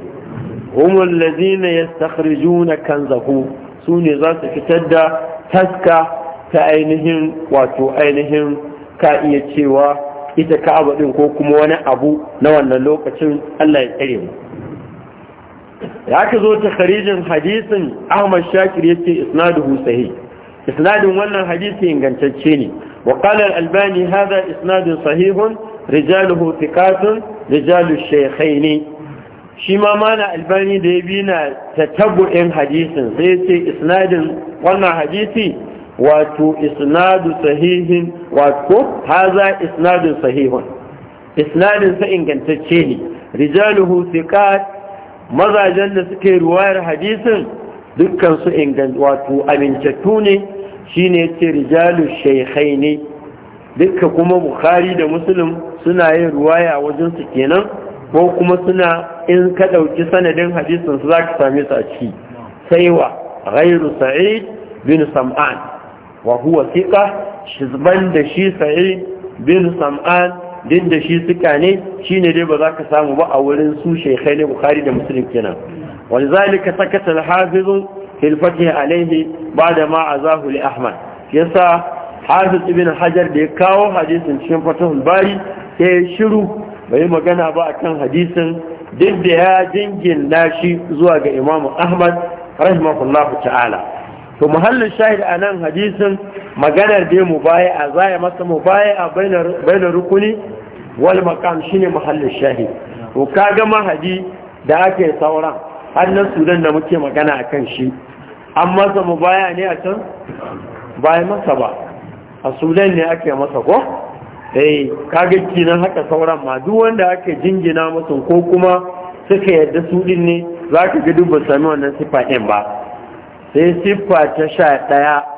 Umar ya humul juna kan kanzahu su ne za su fitar da taska ta ainihin wato ainihin ka iya cewa ita ka'aba ɗin ko kuma wani abu na wannan lokacin Allah ya tsare mu ya ka zo ta kharijin hadisin ahmad shakir yake isnaduhu sahih isnadin wannan hadisi ingantacce ne wa qala al-albani hadha isnadun sahihun rijaluhu thiqatun rijalu shaykhain shi ma mana albani da ya bi na tatabbu'in hadisin sai yace ce isnadin wannan hadisi wato isnadu sahihin wato haza isnadun sahihun isnadin sa ingantacce ne rijaluhu thiqat mazajen da suke ruwayar hadisin dukkan su inganta wato amincattu ne shine ce rijalu shaikhai ne dukka kuma bukhari da muslim suna yin ruwaya wajen su kenan ko kuma suna in ka ɗauki sanadin hadisin su za ka same su a ciki sai ghairu sa'id bin sam'an wa huwa thiqa shizban da shi sa'id bin sam'an Dinda da shi suka ne shi ne dai ba za ka samu ba a wurin su shekai ne bukari da musulun kenan wani zalika sakata alhafizun hilfati alaihi ba da ma a zahuli ahmad Ya sa hafiz ibn hajar da ya kawo hadisin cikin fatahul bari sai shiru bai magana ba a kan hadisin duk da ya jingin nashi zuwa ga imamu ahmad rahimahullahu ta'ala to muhallin shahid a nan hadisin maganar dai mu baya a zaya masa mu baya a bainar rukuni wal makam shine mahallin shahi ka kaga mahadi da ake saura sauran hannun sudan da muke magana a kan shi an masa mu baya ne a can baya masa ba a sudan ne ake masa ko eh kaga kinan haka sauran ma duk wanda aka jingina musu ko kuma suka yadda su din ne zaka ga duk ba sami wannan sifa ɗin ba sai sifa ta sha ɗaya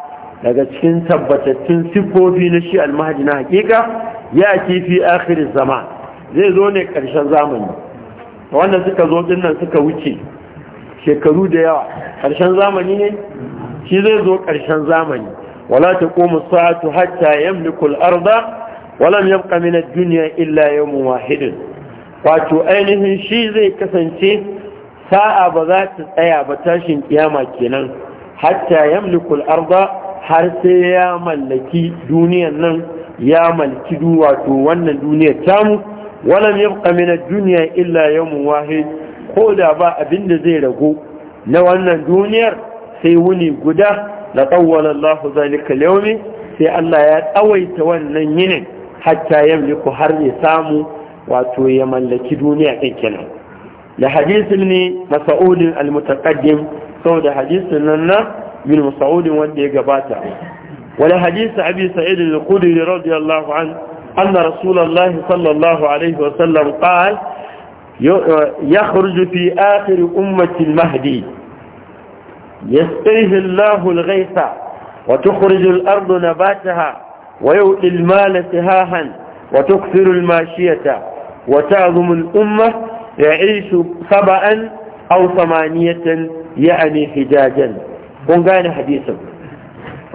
daga cikin tabbatattun siffofi na shi almahdi na hakika ya kifi akhirin zama zai zo ne ƙarshen zamani wannan suka zo dinnan suka wuce shekaru da yawa ƙarshen zamani ne shi zai zo ƙarshen zamani wala ta koma sa'atu hatta yamlikul arda walam yabqa min ad-dunya illa yawmun wahidin wato ainihin shi zai kasance sa'a ba za ta tsaya ba tashin kiyama kenan hatta yamlikul arda har sai ya mallaki duniyan nan ya mallaki wato wannan duniyar tamu walam yabqa min ad-dunya illa yawmun wahid ko da ba abin da zai rago na wannan duniyar sai wuni guda la tawwala Allahu zalika yawmi sai Allah ya tsawaita wannan yinin hatta yamliku har ya samu wato ya mallaki duniya din kenan da hadisin ne masa'udin al-mutaqaddim saboda hadisin nan من مسعود wanda ya ولا حديث أبي سعيد sa'id رضي الله عنه أن رسول الله صلى الله عليه وسلم قال يخرج في آخر أمة المهدي يسقيه الله الغيث وتخرج الأرض نباتها ويؤتي المال سهاها وتكثر الماشية وتعظم الأمة يعيش سبعا أو ثمانية يعني حجاجا kun gane hadisin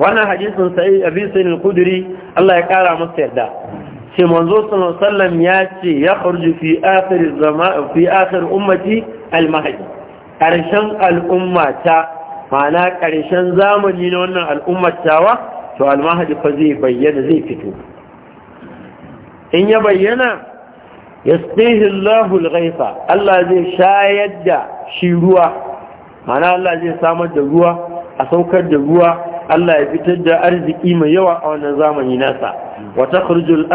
wannan hadisin sai abi sayyid Allah ya kara masa yarda ce manzo sallallahu ya ce ya khurju fi akhir zaman fi akhir ummati al-mahdi karshen al'umma ta ma'ana karshen zamani na wannan al'ummatawa to al-mahdi fa zai bayyana zai fito in ya bayyana yasqihi Allahu ghaifa Allah zai shayar da shi ruwa ma'ana Allah zai samar da ruwa a saukar da ruwa Allah ya fitar da arziki mai yawa a wannan zamani nasa wa takhruju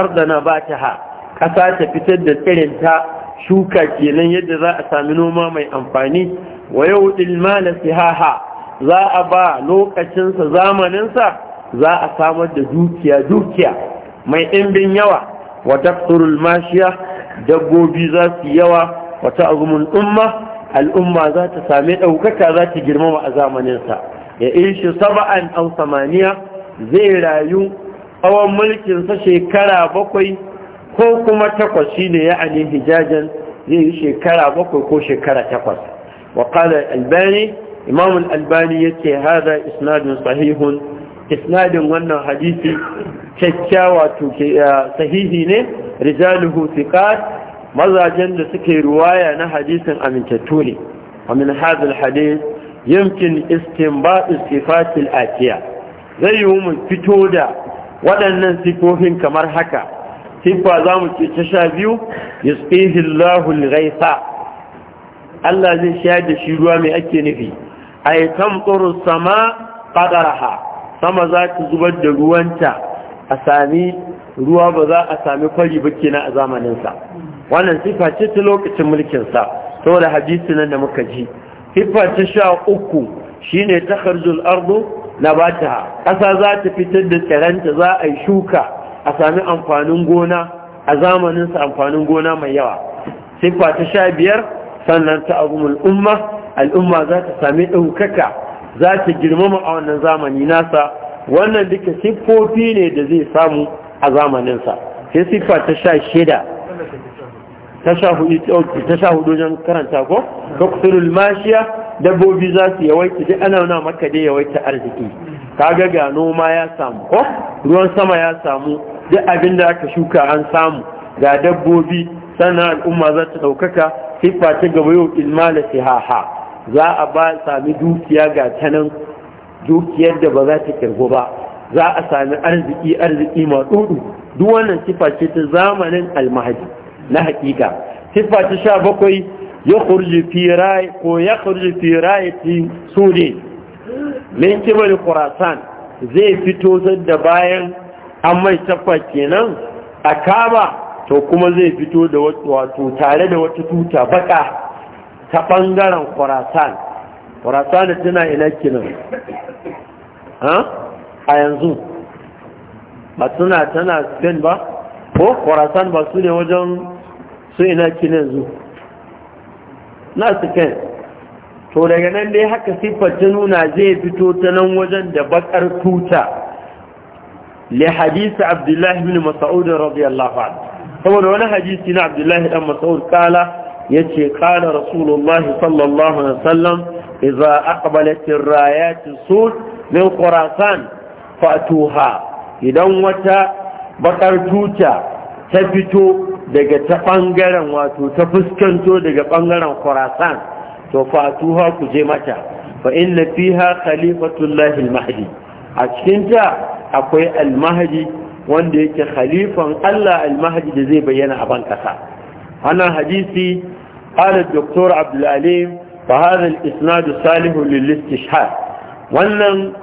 ba ta ha. kasa ta fitar da tsirinta shuka kenan yadda za a sami noma mai amfani wa yau mala sihaha za a ba lokacinsa sa zamanin sa za a samar da dukiya dukiya mai ɗimbin yawa wa taqturul mashiya dabbobi za su yawa Wata azumin umma al'umma za ta same ɗaukaka za ta girmama a zamaninsa ya ishi saba'an aw samaniya zai rayu tsawon mulkinsa shekara bakwai ko kuma takwas shine ya ani hijajen zai yi shekara bakwai ko shekara takwas wa albani imam al-albani yace hada isnadun sahihun isnadin wannan hadisi kyakkyawa to sahihi ne rijaluhu thiqat mazajen da suke ruwaya na hadisin amintattu ne wa min hadith yankin istinba istifatil atiya zai yi mu fito da waɗannan sifofin kamar haka siffa za mu ce ta sha biyu yusqihillahul ghaitha Allah zai sha da shi ruwa mai ake nufi yi tamturu sama qadaraha sama za ta zubar da ruwanta a sami ruwa ba za a sami kwari ba kenan a zamaninsa wannan sifa ce ta lokacin mulkinsa saboda hadisi nan da muka ji hiffa ta sha uku shine ta kharzul ardu nabataha ƙasa za ta fitar da tsiranta za a yi shuka a sami amfanin gona a zamanin sa amfanin gona mai yawa hiffa ta sha biyar sannan ta azumul umma al'umma za ta sami ɗaukaka za ta girmama a wannan zamani nasa wannan duka siffofi ne da zai samu a zamaninsa sai siffa ta sha shida Eh, ta sha hudu wajen karanta ko ka kusurul mashiya dabbobi za su yawaita duk ana nuna maka dai yawaita arziki Ka ga noma ya samu ko ruwan sama ya samu duk abin da aka shuka an samu ga dabbobi sannan al'umma za ta ɗaukaka siffa ta gaba yau ilmala sihaha za a ba sami dukiya ga ta dukiyar da ba za ta kirgo ba za a sami arziki arziki ma duk wannan siffa ce ta zamanin almahadi na hakika sifa ta sha bakwai ya kurji firai ko ya kurji firai ti su ne min kibar kurasan zai fito da bayan an mai tafa kenan a kaba to kuma zai fito da wato tare da wata tuta baka ta bangaren kurasan kurasan tana ina kenan a yanzu ba tana tana spain ba ko kwarasan ba su ne wajen su ina kinin zu na su kai to daga nan dai haka siffar ta nuna zai fito ta nan wajen da bakar tuta le hadisi abdullahi bin mas'ud radiyallahu anhu saboda wani hadisi na abdullahi dan masaud kala yace kala rasulullahi sallallahu alaihi wasallam idza aqbalat ar sul sud min khurasan fatuha idan wata bakar tuta ta fito daga ta ɓangaren wato ta fuskanto daga ɓangaren khorasan to fatuha ku je mata fa inna fiha khalifatullahi al-mahdi a cikinta akwai al-mahdi wanda yake khalifan Allah al-mahdi da zai bayyana a ban wannan hadisi قال Dr. عبد العليم Isnadu Salihu صالح للاستشهاد wannan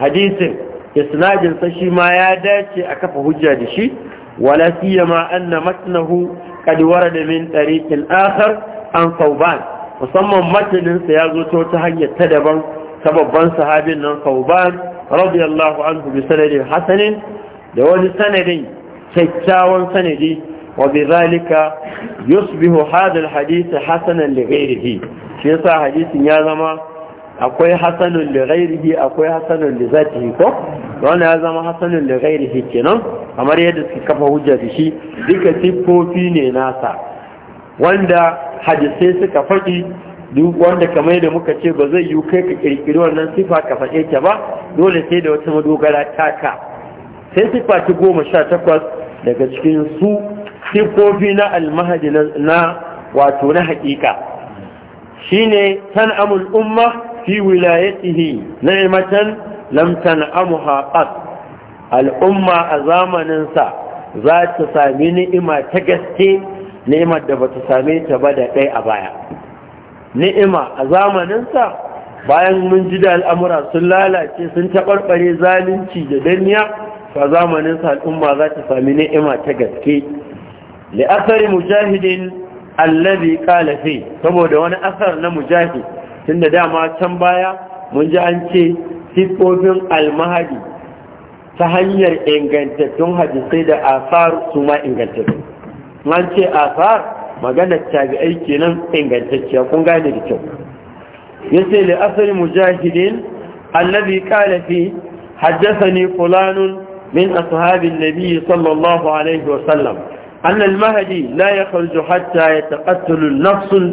hadisin isnadinsa shima shi ma ya dace a kafa hujja da shi wala siyama anna matnahu qad warada min tariqin akhar an sauban musamman matanin sa ya zo ta wata hanyar ta daban ta babban sahabin nan sauban radiyallahu anhu bi sanadin hasanin da wani sanadin kyakkyawan sanadi wa bi zalika yusbihu hadha al hadith hasanan li ghayrihi shi yasa hadisin ya zama akwai hasanun da ghairihi akwai hasanun da zatihi ko wannan ya zama hasanun da ghairihi kenan kamar yadda suke kafa hujja shi duka tifofi ne nasa wanda hadisai suka faɗi duk wanda kamar da muka ce ba zai yi kai ka kirkiri wannan sifa ka faɗe ta ba dole sai da wata madogara taka sai sifa ta goma sha takwas daga cikin su siffofi na almahadi na wato na haƙiƙa shine san'amul umma fi ولايته نعمة لم تنعمها قط al'umma a zamaninsa ذات za ta sami ni'ima ta gaske ni'imar da bata same ta ba da a baya ni'ima a zamaninsa bayan mun ji da al'amura sun lalace sun taɓarɓare zalunci da danniya a zamanin sa al'umma za ta sami ni'ima ta gaske li asari mujahidin allazi qala fi saboda wani asar na mujahid tun da dama can baya mun ji an ce siffofin almahadi ta hanyar ingantattun hadisai da asar su ma ingantattun an ce asar maganar tabi'ai kenan ingantacciya kun gane da kyau ce li asali mujahidin alladhi kalafi haddasa ne fulanun min ashabi an-nabi sallallahu alaihi wa sallam anna al-mahdi la hatta yataqattalu an-nafs al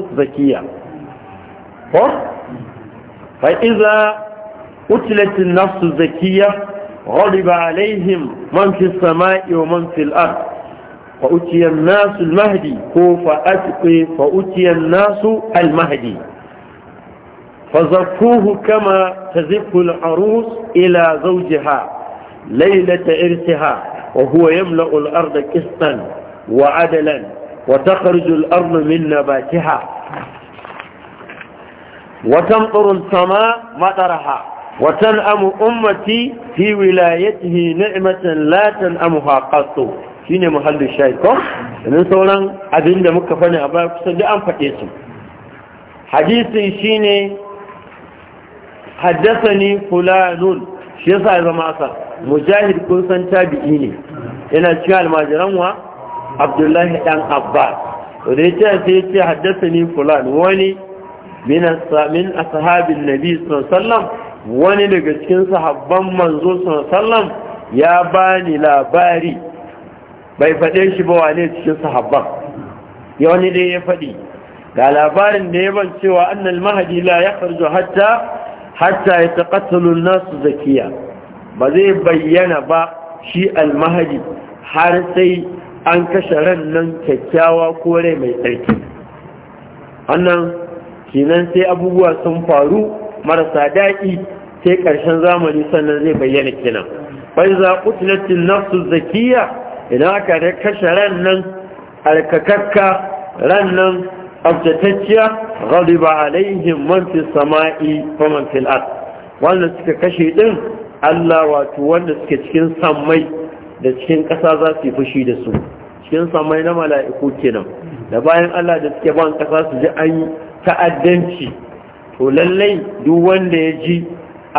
فإذا أتلت النفس الزكية غضب عليهم من في السماء ومن في الأرض فأتي الناس المهدي فأتقي فأتي الناس المهدي فزكوه كما تزف العروس إلى زوجها ليلة إرثها وهو يملأ الأرض قسطا وعدلا وتخرج الأرض من نباتها وتمطر السماء مطرها وتنأم أمتي في ولايته نعمة لا تنأمها قط shine muhallin shayi ko idan sauran abin da muka fani a baya kusan duk an faɗe su hadisin shine haddasani fulanun shi yasa ya zama asa mujahid kun san tabi'i ne yana cikin almajiran wa abdullahi dan abbas to da yace sai yace haddasani fulan wani min ashabin nabi sallam wani daga cikin sahabban manzo sallam ya bani labari bai faɗe shi ba wane cikin sahabban ya wani dai ya faɗi ga labarin da ya ban cewa annal mahadi la ya farjo hatta hatta ya taƙatalun nasu zakiya ba zai bayyana ba shi almahadi har sai an kashe ran nan kyakkyawa ko rai mai tsarki annan kenan sai abubuwa sun faru marasa daɗi sai ƙarshen zamani sannan zai bayyana kenan bai za ƙutilatin nafsu zakiya idan aka kashe ran nan alkakakka ran nan abjatacciya ghaliba alaihim man fi sama'i wa man fil ard wanda suka kashe ɗin, Allah wato wanda suke cikin sammai da cikin ƙasa za su yi fushi da su cikin sammai na mala'iku kenan da bayan Allah da suke ban ƙasa su ji an ta'addanci to lallai duk wanda ya ji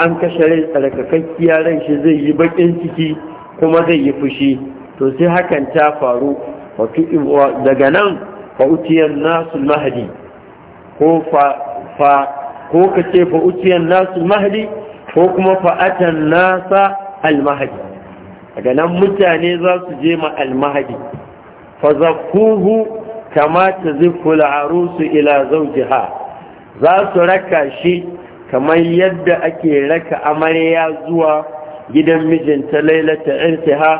an kashe rai tsarkakakkiya ran shi zai yi bakin ciki kuma zai yi fushi to sai hakan ta faru daga nan fa'utiyar nasu mahadi ko fa ko ka ce fa'utiyar nasu mahadi ko kuma fa'atan nasa almahadi daga nan mutane za su je ma almahadi fa zakuhu kama ta zikul arusu ila zawjiha za su raka shi kamar yadda ake raka amarya zuwa gidan mijinta lailata irtiha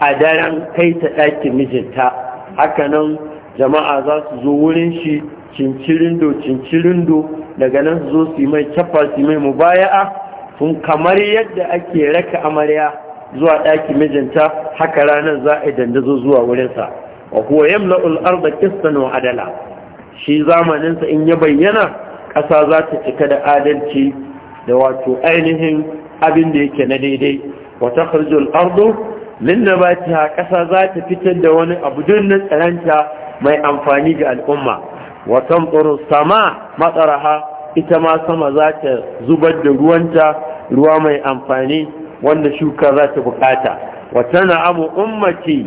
a daren kai ta ɗakin mijinta hakanan jama'a za su zo wurin shi cincirindo cincirindo daga nan su zo su yi mai kyafa su mai mubaya'a sun kamar yadda ake raka amarya zuwa ɗakin mijinta haka ranar za a yi dandazo zuwa wurinsa wa huwa yamla'u al-ardha qistan wa adala shi zamaninsa in ya bayyana ƙasa za ta cika da adalci da wato ainihin abin da yake na daidai wa takhruju al-ardu nabatiha ƙasa za ta fitar da wani abu dunnin tsaranta mai amfani ga al'umma wa tamturu sama matsaraha ita ma sama za ta zubar da ruwanta ruwa mai amfani wanda shuka za ta bukata wa tana abu ummati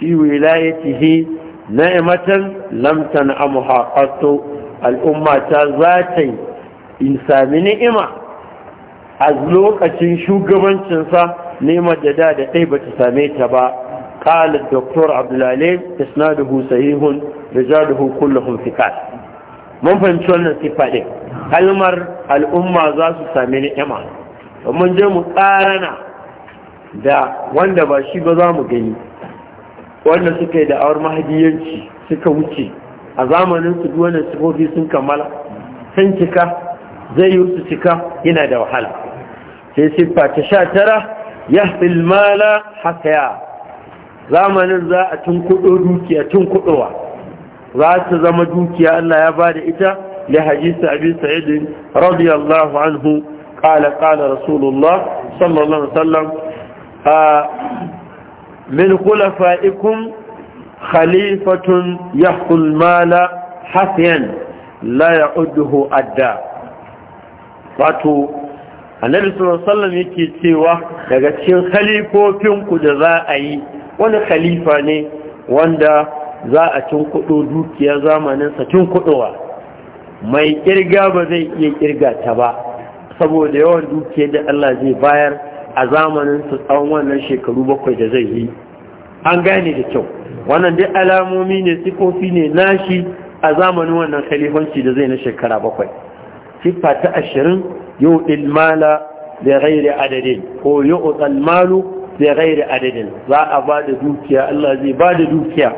fi wilayatihi na'imatan lam tan'amha qattu al'umma ta za ta yi in sami ni'ima a lokacin shugabancinsa ni'imar da da da ɗai ba ta same ta ba قال الدكتور عبد العليم اسناده صحيح رجاله كلهم ثقات mun fahimci wannan sifa ɗin kalmar al'umma za su sami ni'ima mun je mu ƙarana da wanda ba shi ba za mu gani wanda suka yi da'awar mahadiyanci suka wuce a zamanin su duk wannan sun kammala sun cika zai yi su cika yana da wahala sai siffa ta sha tara ya filmala hasaya zamanin za a tun kudo dukiya tun kudowa za su zama dukiya Allah ya ba da ita da hajjisa abin sa'idin radiyallahu anhu قال قال رسول الله صلى الله min khulafa'ikum khalifatun yahkul mala hafiyan la ya'udduhu adda wato annabi sallallahu yake cewa daga cikin khalifofin ku da za a yi wani khalifa ne wanda za a cin kudo dukiya zamanin sa cin kudowa mai kirga ba zai iya kirga ta ba saboda yawan dukiya da Allah zai bayar a zamanin su tsawon wannan shekaru bakwai da zai yi an gane da kyau wannan dai alamomi ne sifofi ne nashi a zamanin wannan khalifanci da zai na shekara bakwai siffa ta ashirin yau ilmala da gairi adadin ko yau tsalmalu da gairi adadin za a ba da dukiya Allah zai ba da dukiya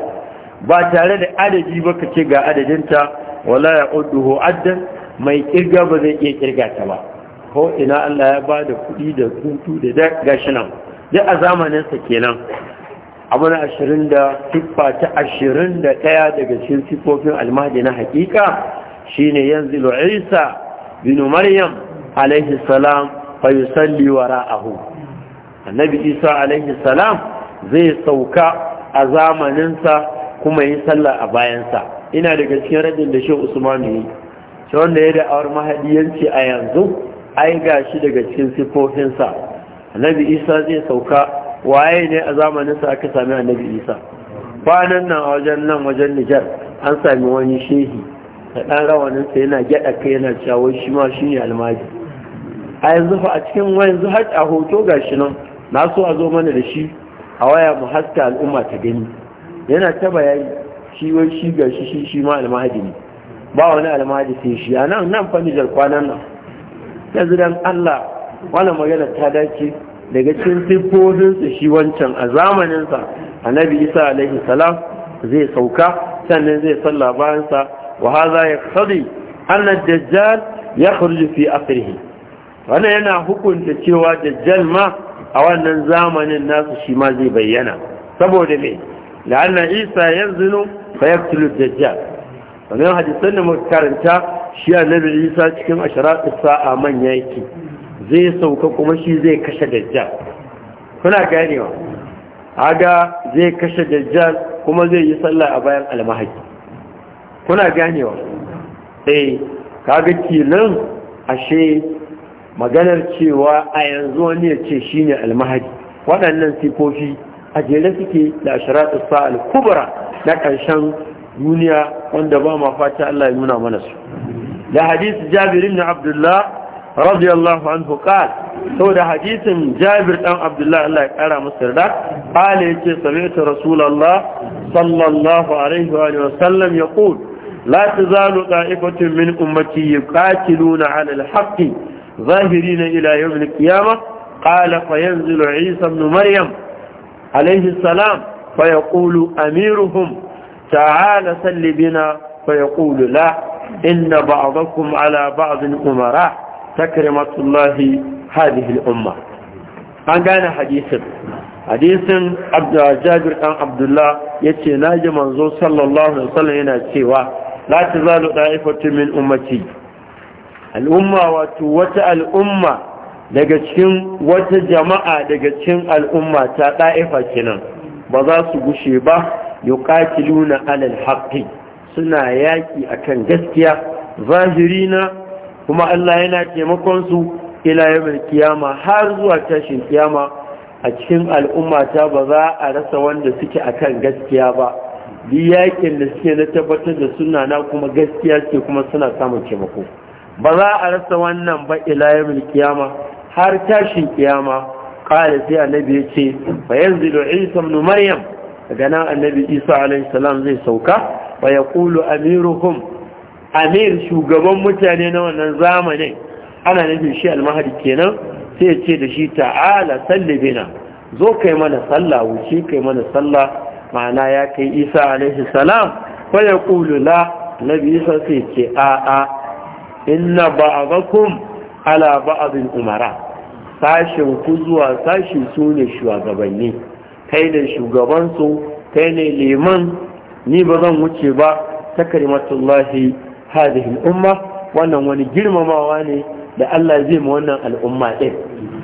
ba tare da adadi ba ka ce ga adadinta wala ya ƙudu addan mai ƙirga ba zai iya ƙirga ta ba ko ina Allah ya ba da kuɗi da hutu da gashi nan duk a zamaninsa kenan abu na ashirin da siffa ta ashirin da ɗaya daga cikin siffofin almahdi na haƙiƙa shine yanzu isa bin maryam alaihi salam fa yusalli wara'ahu annabi isa alaihi salam zai sauka a zamaninsa kuma yi sallah a bayansa ina daga cikin radin da shi usmanu yi shi wanda ya da'awar mahadiyanci a yanzu ai gashi daga cikin sifofinsa annabi isa zai sauka waye ne a zamaninsa aka sami annabi isa kwanan nan a wajen nan wajen nijar an sami wani shehi da ɗan rawaninsa yana gyaɗa kai yana cewa shi ma shi ne almaji a yanzu fa a cikin yanzu har a hoto gashi nan na so a zo mana da shi a waya mu haska al'umma ta gani yana ta bayani shi wai shi gashi shi shi ma almahadi ne ba wani almahadi sai shi a nan nan fa nijar kwanan nan yanzu dan Allah wannan magana ta dace daga cikin siffofinsu shi wancan a zamaninsa annabi isa alaihi salam zai sauka sannan zai san labarinsa wa haza ya sadi annan dajjal ya kurji fi asirhi wannan yana hukunta cewa dajjal ma a wannan zamanin nasu shi ma zai bayyana saboda me la'anna isa yanzu fa yaktulu dajjal wannan hadisan da muka karanta shi annabi isa cikin asharatis sa'a manya yake zai sauka kuma shi zai kashe dajjal kuna ganewa aga zai kashe dajjal kuma zai yi sallah a bayan almahaki kuna ganewa eh kaga kinan ashe maganar cewa a yanzu wani ya ce shine almahadi waɗannan sifofi a jere suke da ashiratu al kubra na ƙarshen duniya wanda ba ma fata Allah ya nuna mana su da hadisun jabir ibn abdullah radiyallahu anhu qal to da hadisun jabir dan abdullah Allah ya kara masa da bale yake sabita rasulullah sallallahu alaihi wa sallam yaqul la tazalu qa'ifatun min ummati yuqatiluna 'ala al-haqq zahirina ila yawm al-qiyamah qala fa yanzilu 'isa maryam alayhi salam fa yaqulu amiruhum ta'ala sallibina fa yaqulu la inna ba'dakum ala ba'din umara takrimatullahi hadhihi al-umma an gane hadisin hadisin jabir dan abdullah yace naji manzo sallallahu alaihi wasallam yana cewa la tazalu da'ifatu min ummati al'umma wato wata al'umma daga cikin wata jama'a daga cikin al'umma ta da'ifa kenan ba za su gushe ba yuqatiluna alal haqqi suna yaƙi a kan gaskiya zahiri na kuma Allah yana taimakon su ila mai kiyama har zuwa tashin kiyama a cikin al'ummata ba za a rasa wanda suke a kan gaskiya ba bi yaƙin da suke na tabbatar da suna na kuma gaskiya suke kuma suna samun taimako ba za a rasa wannan ba ila mai kiyama har tashin kiyama ƙara sai annabi ya ce fa yanzu da isa maryam daga nan annabi isa alaihi salam zai sauka wa yaqulu amiruhum amir shugaban mutane na wannan zamanin ana nufin shi almahadi kenan sai ya ce da shi ta'ala sallibina zo kai mana sallah wuce kai mana sallah ma'ana ya kai isa alaihi salam wa yaqulu la nabi isa sai ce a a inna ba'adakum ala ba'dil umara sashin ku zuwa sashi sune shugabanni kai ne shugaban kai ne liman ni ba zan wuce ba ta karimatullahi hadhihi umma wannan wani girmamawa ne da Allah zai ma wannan al'umma din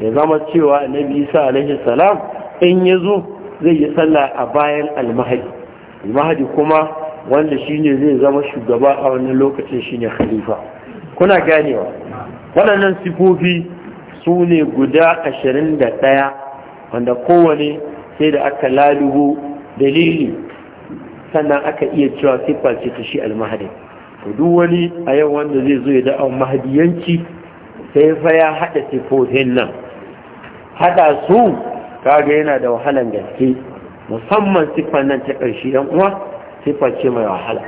ya zama cewa annabi Isa alaihi salam in ya zo zai yi sallah a bayan almahadi almahadi kuma wanda shine zai zama shugaba a wannan lokacin shine khalifa kuna ganewa waɗannan sifofi su ne guda ashirin da ɗaya wanda kowane sai da aka lalubo dalili sannan aka iya cewa siffa ce ta shi almahadi to duk wani a yau wanda zai zo ya da'a mahadiyanci sai fa ya haɗa siffofin nan haɗa su kaga yana da wahalan gaske musamman siffan nan ta ƙarshe yan uwa siffa ce mai wahala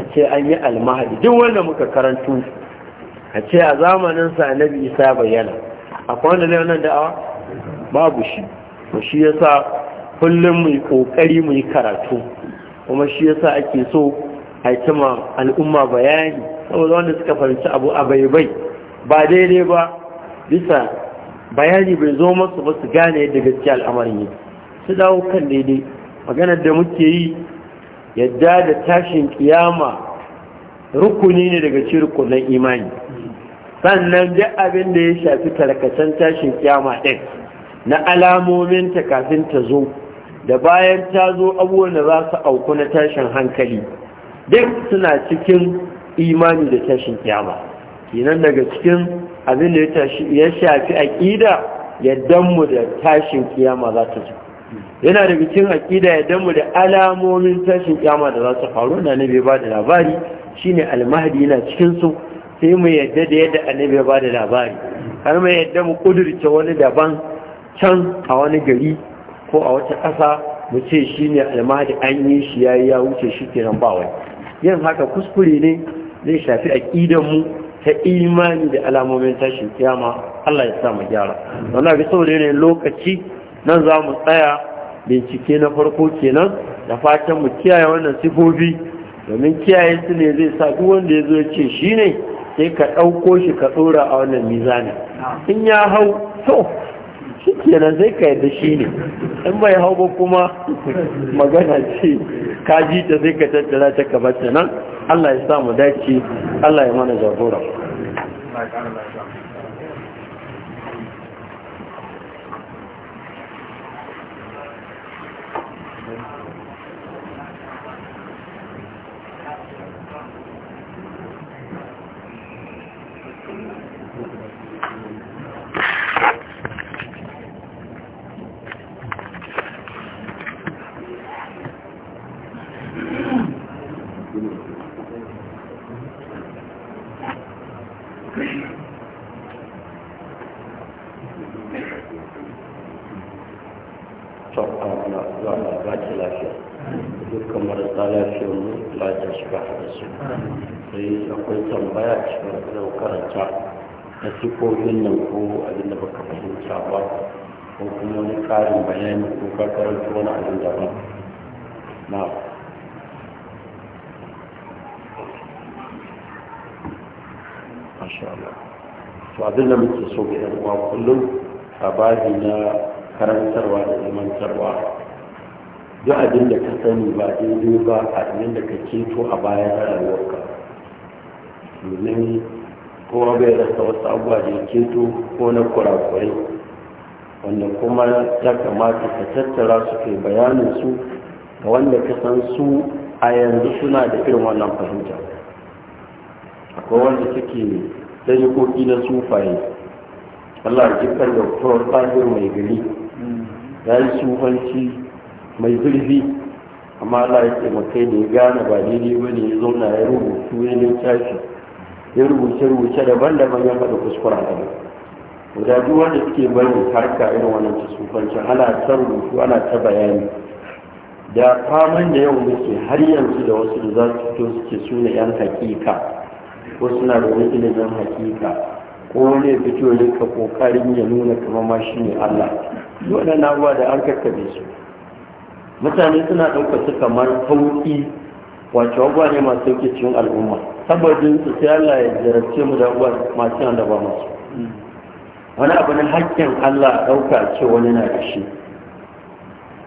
a ce an yi almahadi duk wanda muka karantu a ce a zamanin sa annabi isa bayyana akwai wanda zai wannan da'awa babu shi shi yasa kullum mai kokari mai karatu kuma shi yasa ake so a al'umma bayani saboda wanda suka fahimci abu a baibai ba daidai ba bisa bayani bai zo masu ba su gane yadda gaskiya al'amarin yi su dawo kan daidai maganar da muke yi yadda da tashin kiyama rukuni ne daga cikin rukunan imani sannan duk abin da ya shafi tarkacen tashin kiyama ɗin na alamomin ta kafin ta zo da bayan ta zo abubuwan da za su auku na tashin hankali duk suna cikin imani da tashin kyama kenan daga cikin abin da ya shafi aƙida yaddanmu da tashin kyama za ta zo yana daga cikin aƙida yaddanmu da alamomin tashin kyama da za su faru na nabi ba da labari shine almahdi yana cikinsu sai mu yadda da yadda annabi ba da labari har mai yadda mu kudurce wani daban can a wani gari ko a wata ƙasa mu ce shi ne almahadi an yi shi ya yi ya wuce shi ke ba wai. yin haka kuskure ne zai shafi aƙidanmu ta imani da alamomin tashin kiyama Allah ya sa mu gyara wani abin saboda ne lokaci nan za mu tsaya bincike na farko kenan da fatan mu kiyaye wannan sifofi domin kiyaye su ne zai sa duk wanda ya zo ce shi ne sai ka ɗauko shi ka tsora a wannan mizani in ya hau to kenan zai ka yadda shi ne in bai hau ba kuma magana ce ka ji ta sai ka tattara ta ka ta nan Allah ya samu dace Allah ya mana jagora bayani ko ka karanta wani abin ba na to abin da muke so ga yarwa kullum a babi na karantarwa da ilmantarwa duk abin da ka sani ba daidai ba a abin da ka keto a bayan rayuwarka domin kowa bai rasa wasu abubuwa da ya keto ko na kurakurai wanda kuma ya kamata ka tattara su kai bayanin su ga wanda ka san su a yanzu suna da irin wannan fahimta akwai wanda suke da jikoki na sufaye Allah ya jikar da Tahir mai gari ya yi sufanci mai zurfi amma Allah ya taimakai da ya gane ba daidai ba ne ya zauna ya rubutu ya littafi ya rubuce-rubuce daban-daban ya faɗa kuskuren abin guda duk wanda suke bari harka irin wannan tasufanci ana ta rubutu ana ta bayani da faman da yau muke har yanzu da wasu da za su fito suke suna yan hakika ko suna da wani ilimin hakika ko wani ya fito ka kokarin ya nuna kamar ma shi ne Allah duk abubuwa da an kakkabe su mutane suna ɗaukar su kamar sauƙi wato abubuwa ne masu sauƙi al'umma saboda su sai Allah ya jarabce mu da abubuwa masu yan da ba masu wani abu na hakkin Allah ɗauka ce wani na da shi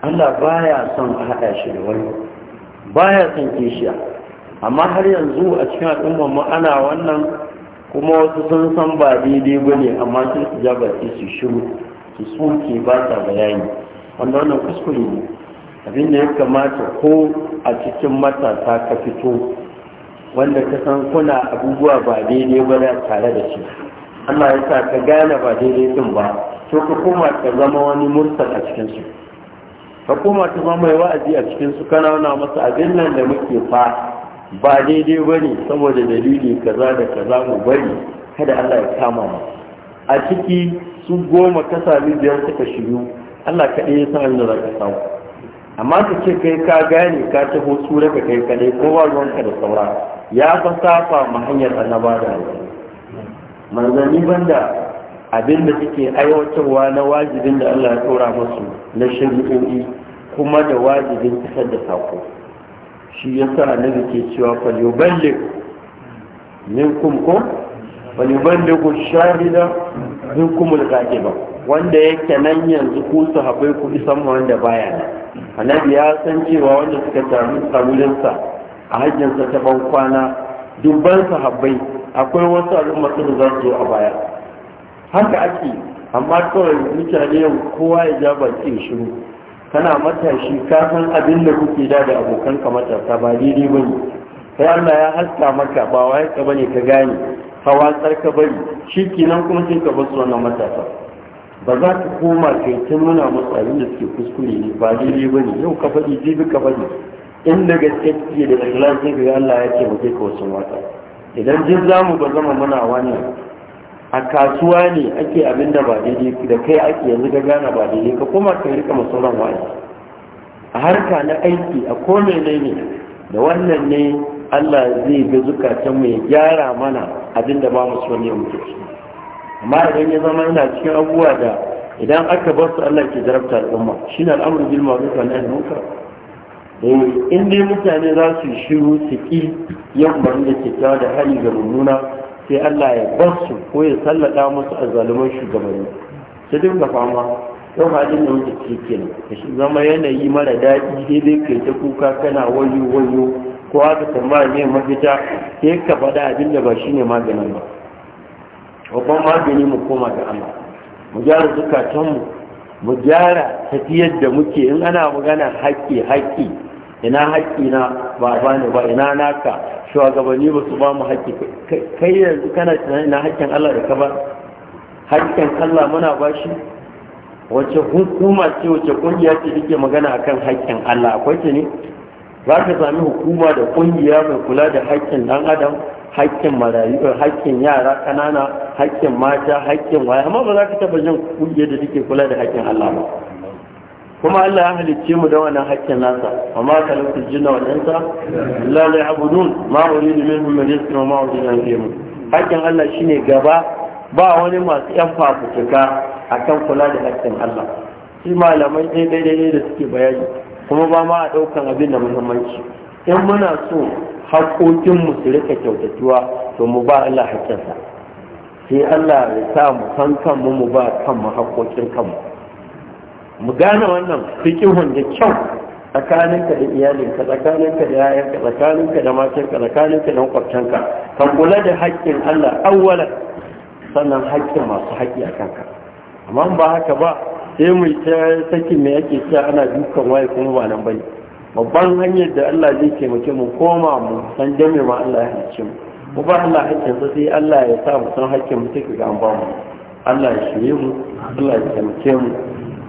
Allah baya son a haɗa shi da wani baya son kishiya amma har yanzu a cikin al'ummar mu ana wannan kuma wasu sun san ba daidai ba ne amma sun su ja ba su shiru su soke ba sa bayani wanda wannan kuskure ne abin da ya kamata ko a cikin matasa ka fito wanda ka san kuna abubuwa ba daidai ba tare da shi Allah ya sa ka gane ba daidai din ba to ka koma ka zama wani mursal a cikin su ka koma ka zama mai wa'azi a cikin su kana nuna masa abin nan da muke fa ba daidai bane saboda dalili kaza da kaza mu bari kada Allah ya kama mu a ciki su goma ka sami biyar suka shiru Allah kaɗai ya san inda za ka samu amma ka ce kai ka gane ka taho tsura ka kai kaɗai ko ba ruwanka da saura ya fa safa ma hanyar annaba da manzanni banda abin da suke aiwatarwa na wajibin da Allah ya tsora musu na shari'o'i kuma da wajibin isar da sako shi ya sa na ke cewa falyuballi minkum ko falyuballighu shahida minkum al ba. wanda yake nan yanzu ku su haɓai ku isan wanda baya nan annabi ya san cewa wanda suka samu samulinsa a hajjinsa ta ban kwana dubban sahabbai akwai wasu al'ummar da za su zo a baya haka ake amma kawai mutane yau kowa ya ja baki shiru kana matashi ka san abin da kuke da da abokan ka matasa ba daidai ne sai Allah ya haska maka ba wai ka bane ka gane ka watsar ka bari kenan kuma sai ka bar wannan matasa ba za ka koma kai ta nuna musu abin da suke kuskure ne ba daidai ne, yau ka faɗi jibi ka faɗi in daga gaske da ikhlas sai ga Allah ya ce mu kai ka wasu matasa idan jin zamu ba zama muna wani a kasuwa ne ake abin da ba daidai da kai ake yanzu ga gana ba daidai ka koma ka rika musulman wani a harka na aiki a kome ne ne da wannan ne Allah zai ga zukatan mai gyara mana abin da ba mu so ne amma idan ya zama yana cikin abubuwa da idan aka bar su Allah ke jarabta al'umma shine al'amru bil ma'ruf wa nahyi Eh, in dai mutane za su shiru su ƙi yan da kyakkyawa da hari ga mummuna sai Allah ya bar su ko ya sallada musu a zaluman shugabanni su dinga fama yau halin da muke ke nan ka shi zama yanayi mara daɗi daidai kai ta kuka kana wayo wayo ko aka tambaya ne mafita sai ka faɗa abin da ba shi ne maganin ba babban magani mu koma ga Allah mu gyara zukatanmu mu gyara tafiyar da muke in ana magana haƙƙi haƙƙi ina haƙƙina ba a bani ba ina naka shugabanni ba su ba mu haƙƙi kai yanzu kana tunanin ina haƙƙin Allah da ka ba haƙƙin Allah muna ba shi wace hukuma ce wace ƙungiya ce take magana akan haƙƙin Allah akwai ce ne za ka sami hukuma da ƙungiya mai kula da haƙƙin ɗan adam haƙƙin marayu eh, haƙƙin yara ƙanana haƙƙin mata haƙƙin waya amma ba za ka taɓa jin ƙungiyar da take kula da haƙƙin Allah ba kuma Allah ya halicce mu da wannan hakkin nasa amma kalmar jinna wannan insa la ya'budun ma uridu minhum min rizqin wa ma uridu an yu'minun hakkin Allah shine gaba ba wani masu yan fafutuka akan kula da hakkin Allah shi malamai dai-dai dai da suke bayani kuma ba ma a daukan abin da muhimmanci in muna so haƙoƙin mu su rika kyautatuwa to mu ba Allah sa sai Allah ya sa mu san kanmu mu ba kanmu haƙoƙin kanmu mu gane wannan fiqihun da kyau tsakaninka da iyalinka tsakaninka da yayanka tsakaninka da matanka tsakaninka da makwabtanka ka kula da haƙƙin Allah awwala sannan haƙƙin masu haƙƙi a kanka amma ba haka ba sai mu ta saki me yake cewa ana dukan waye kuma ba nan bane babban hanyar da Allah zai taimake mu koma mu san dame ma Allah ya halicce mu mu ba Allah haƙƙin sa sai Allah ya sa mu san haƙƙin mu take ga an ba mu Allah ya shirye mu Allah ya taimake mu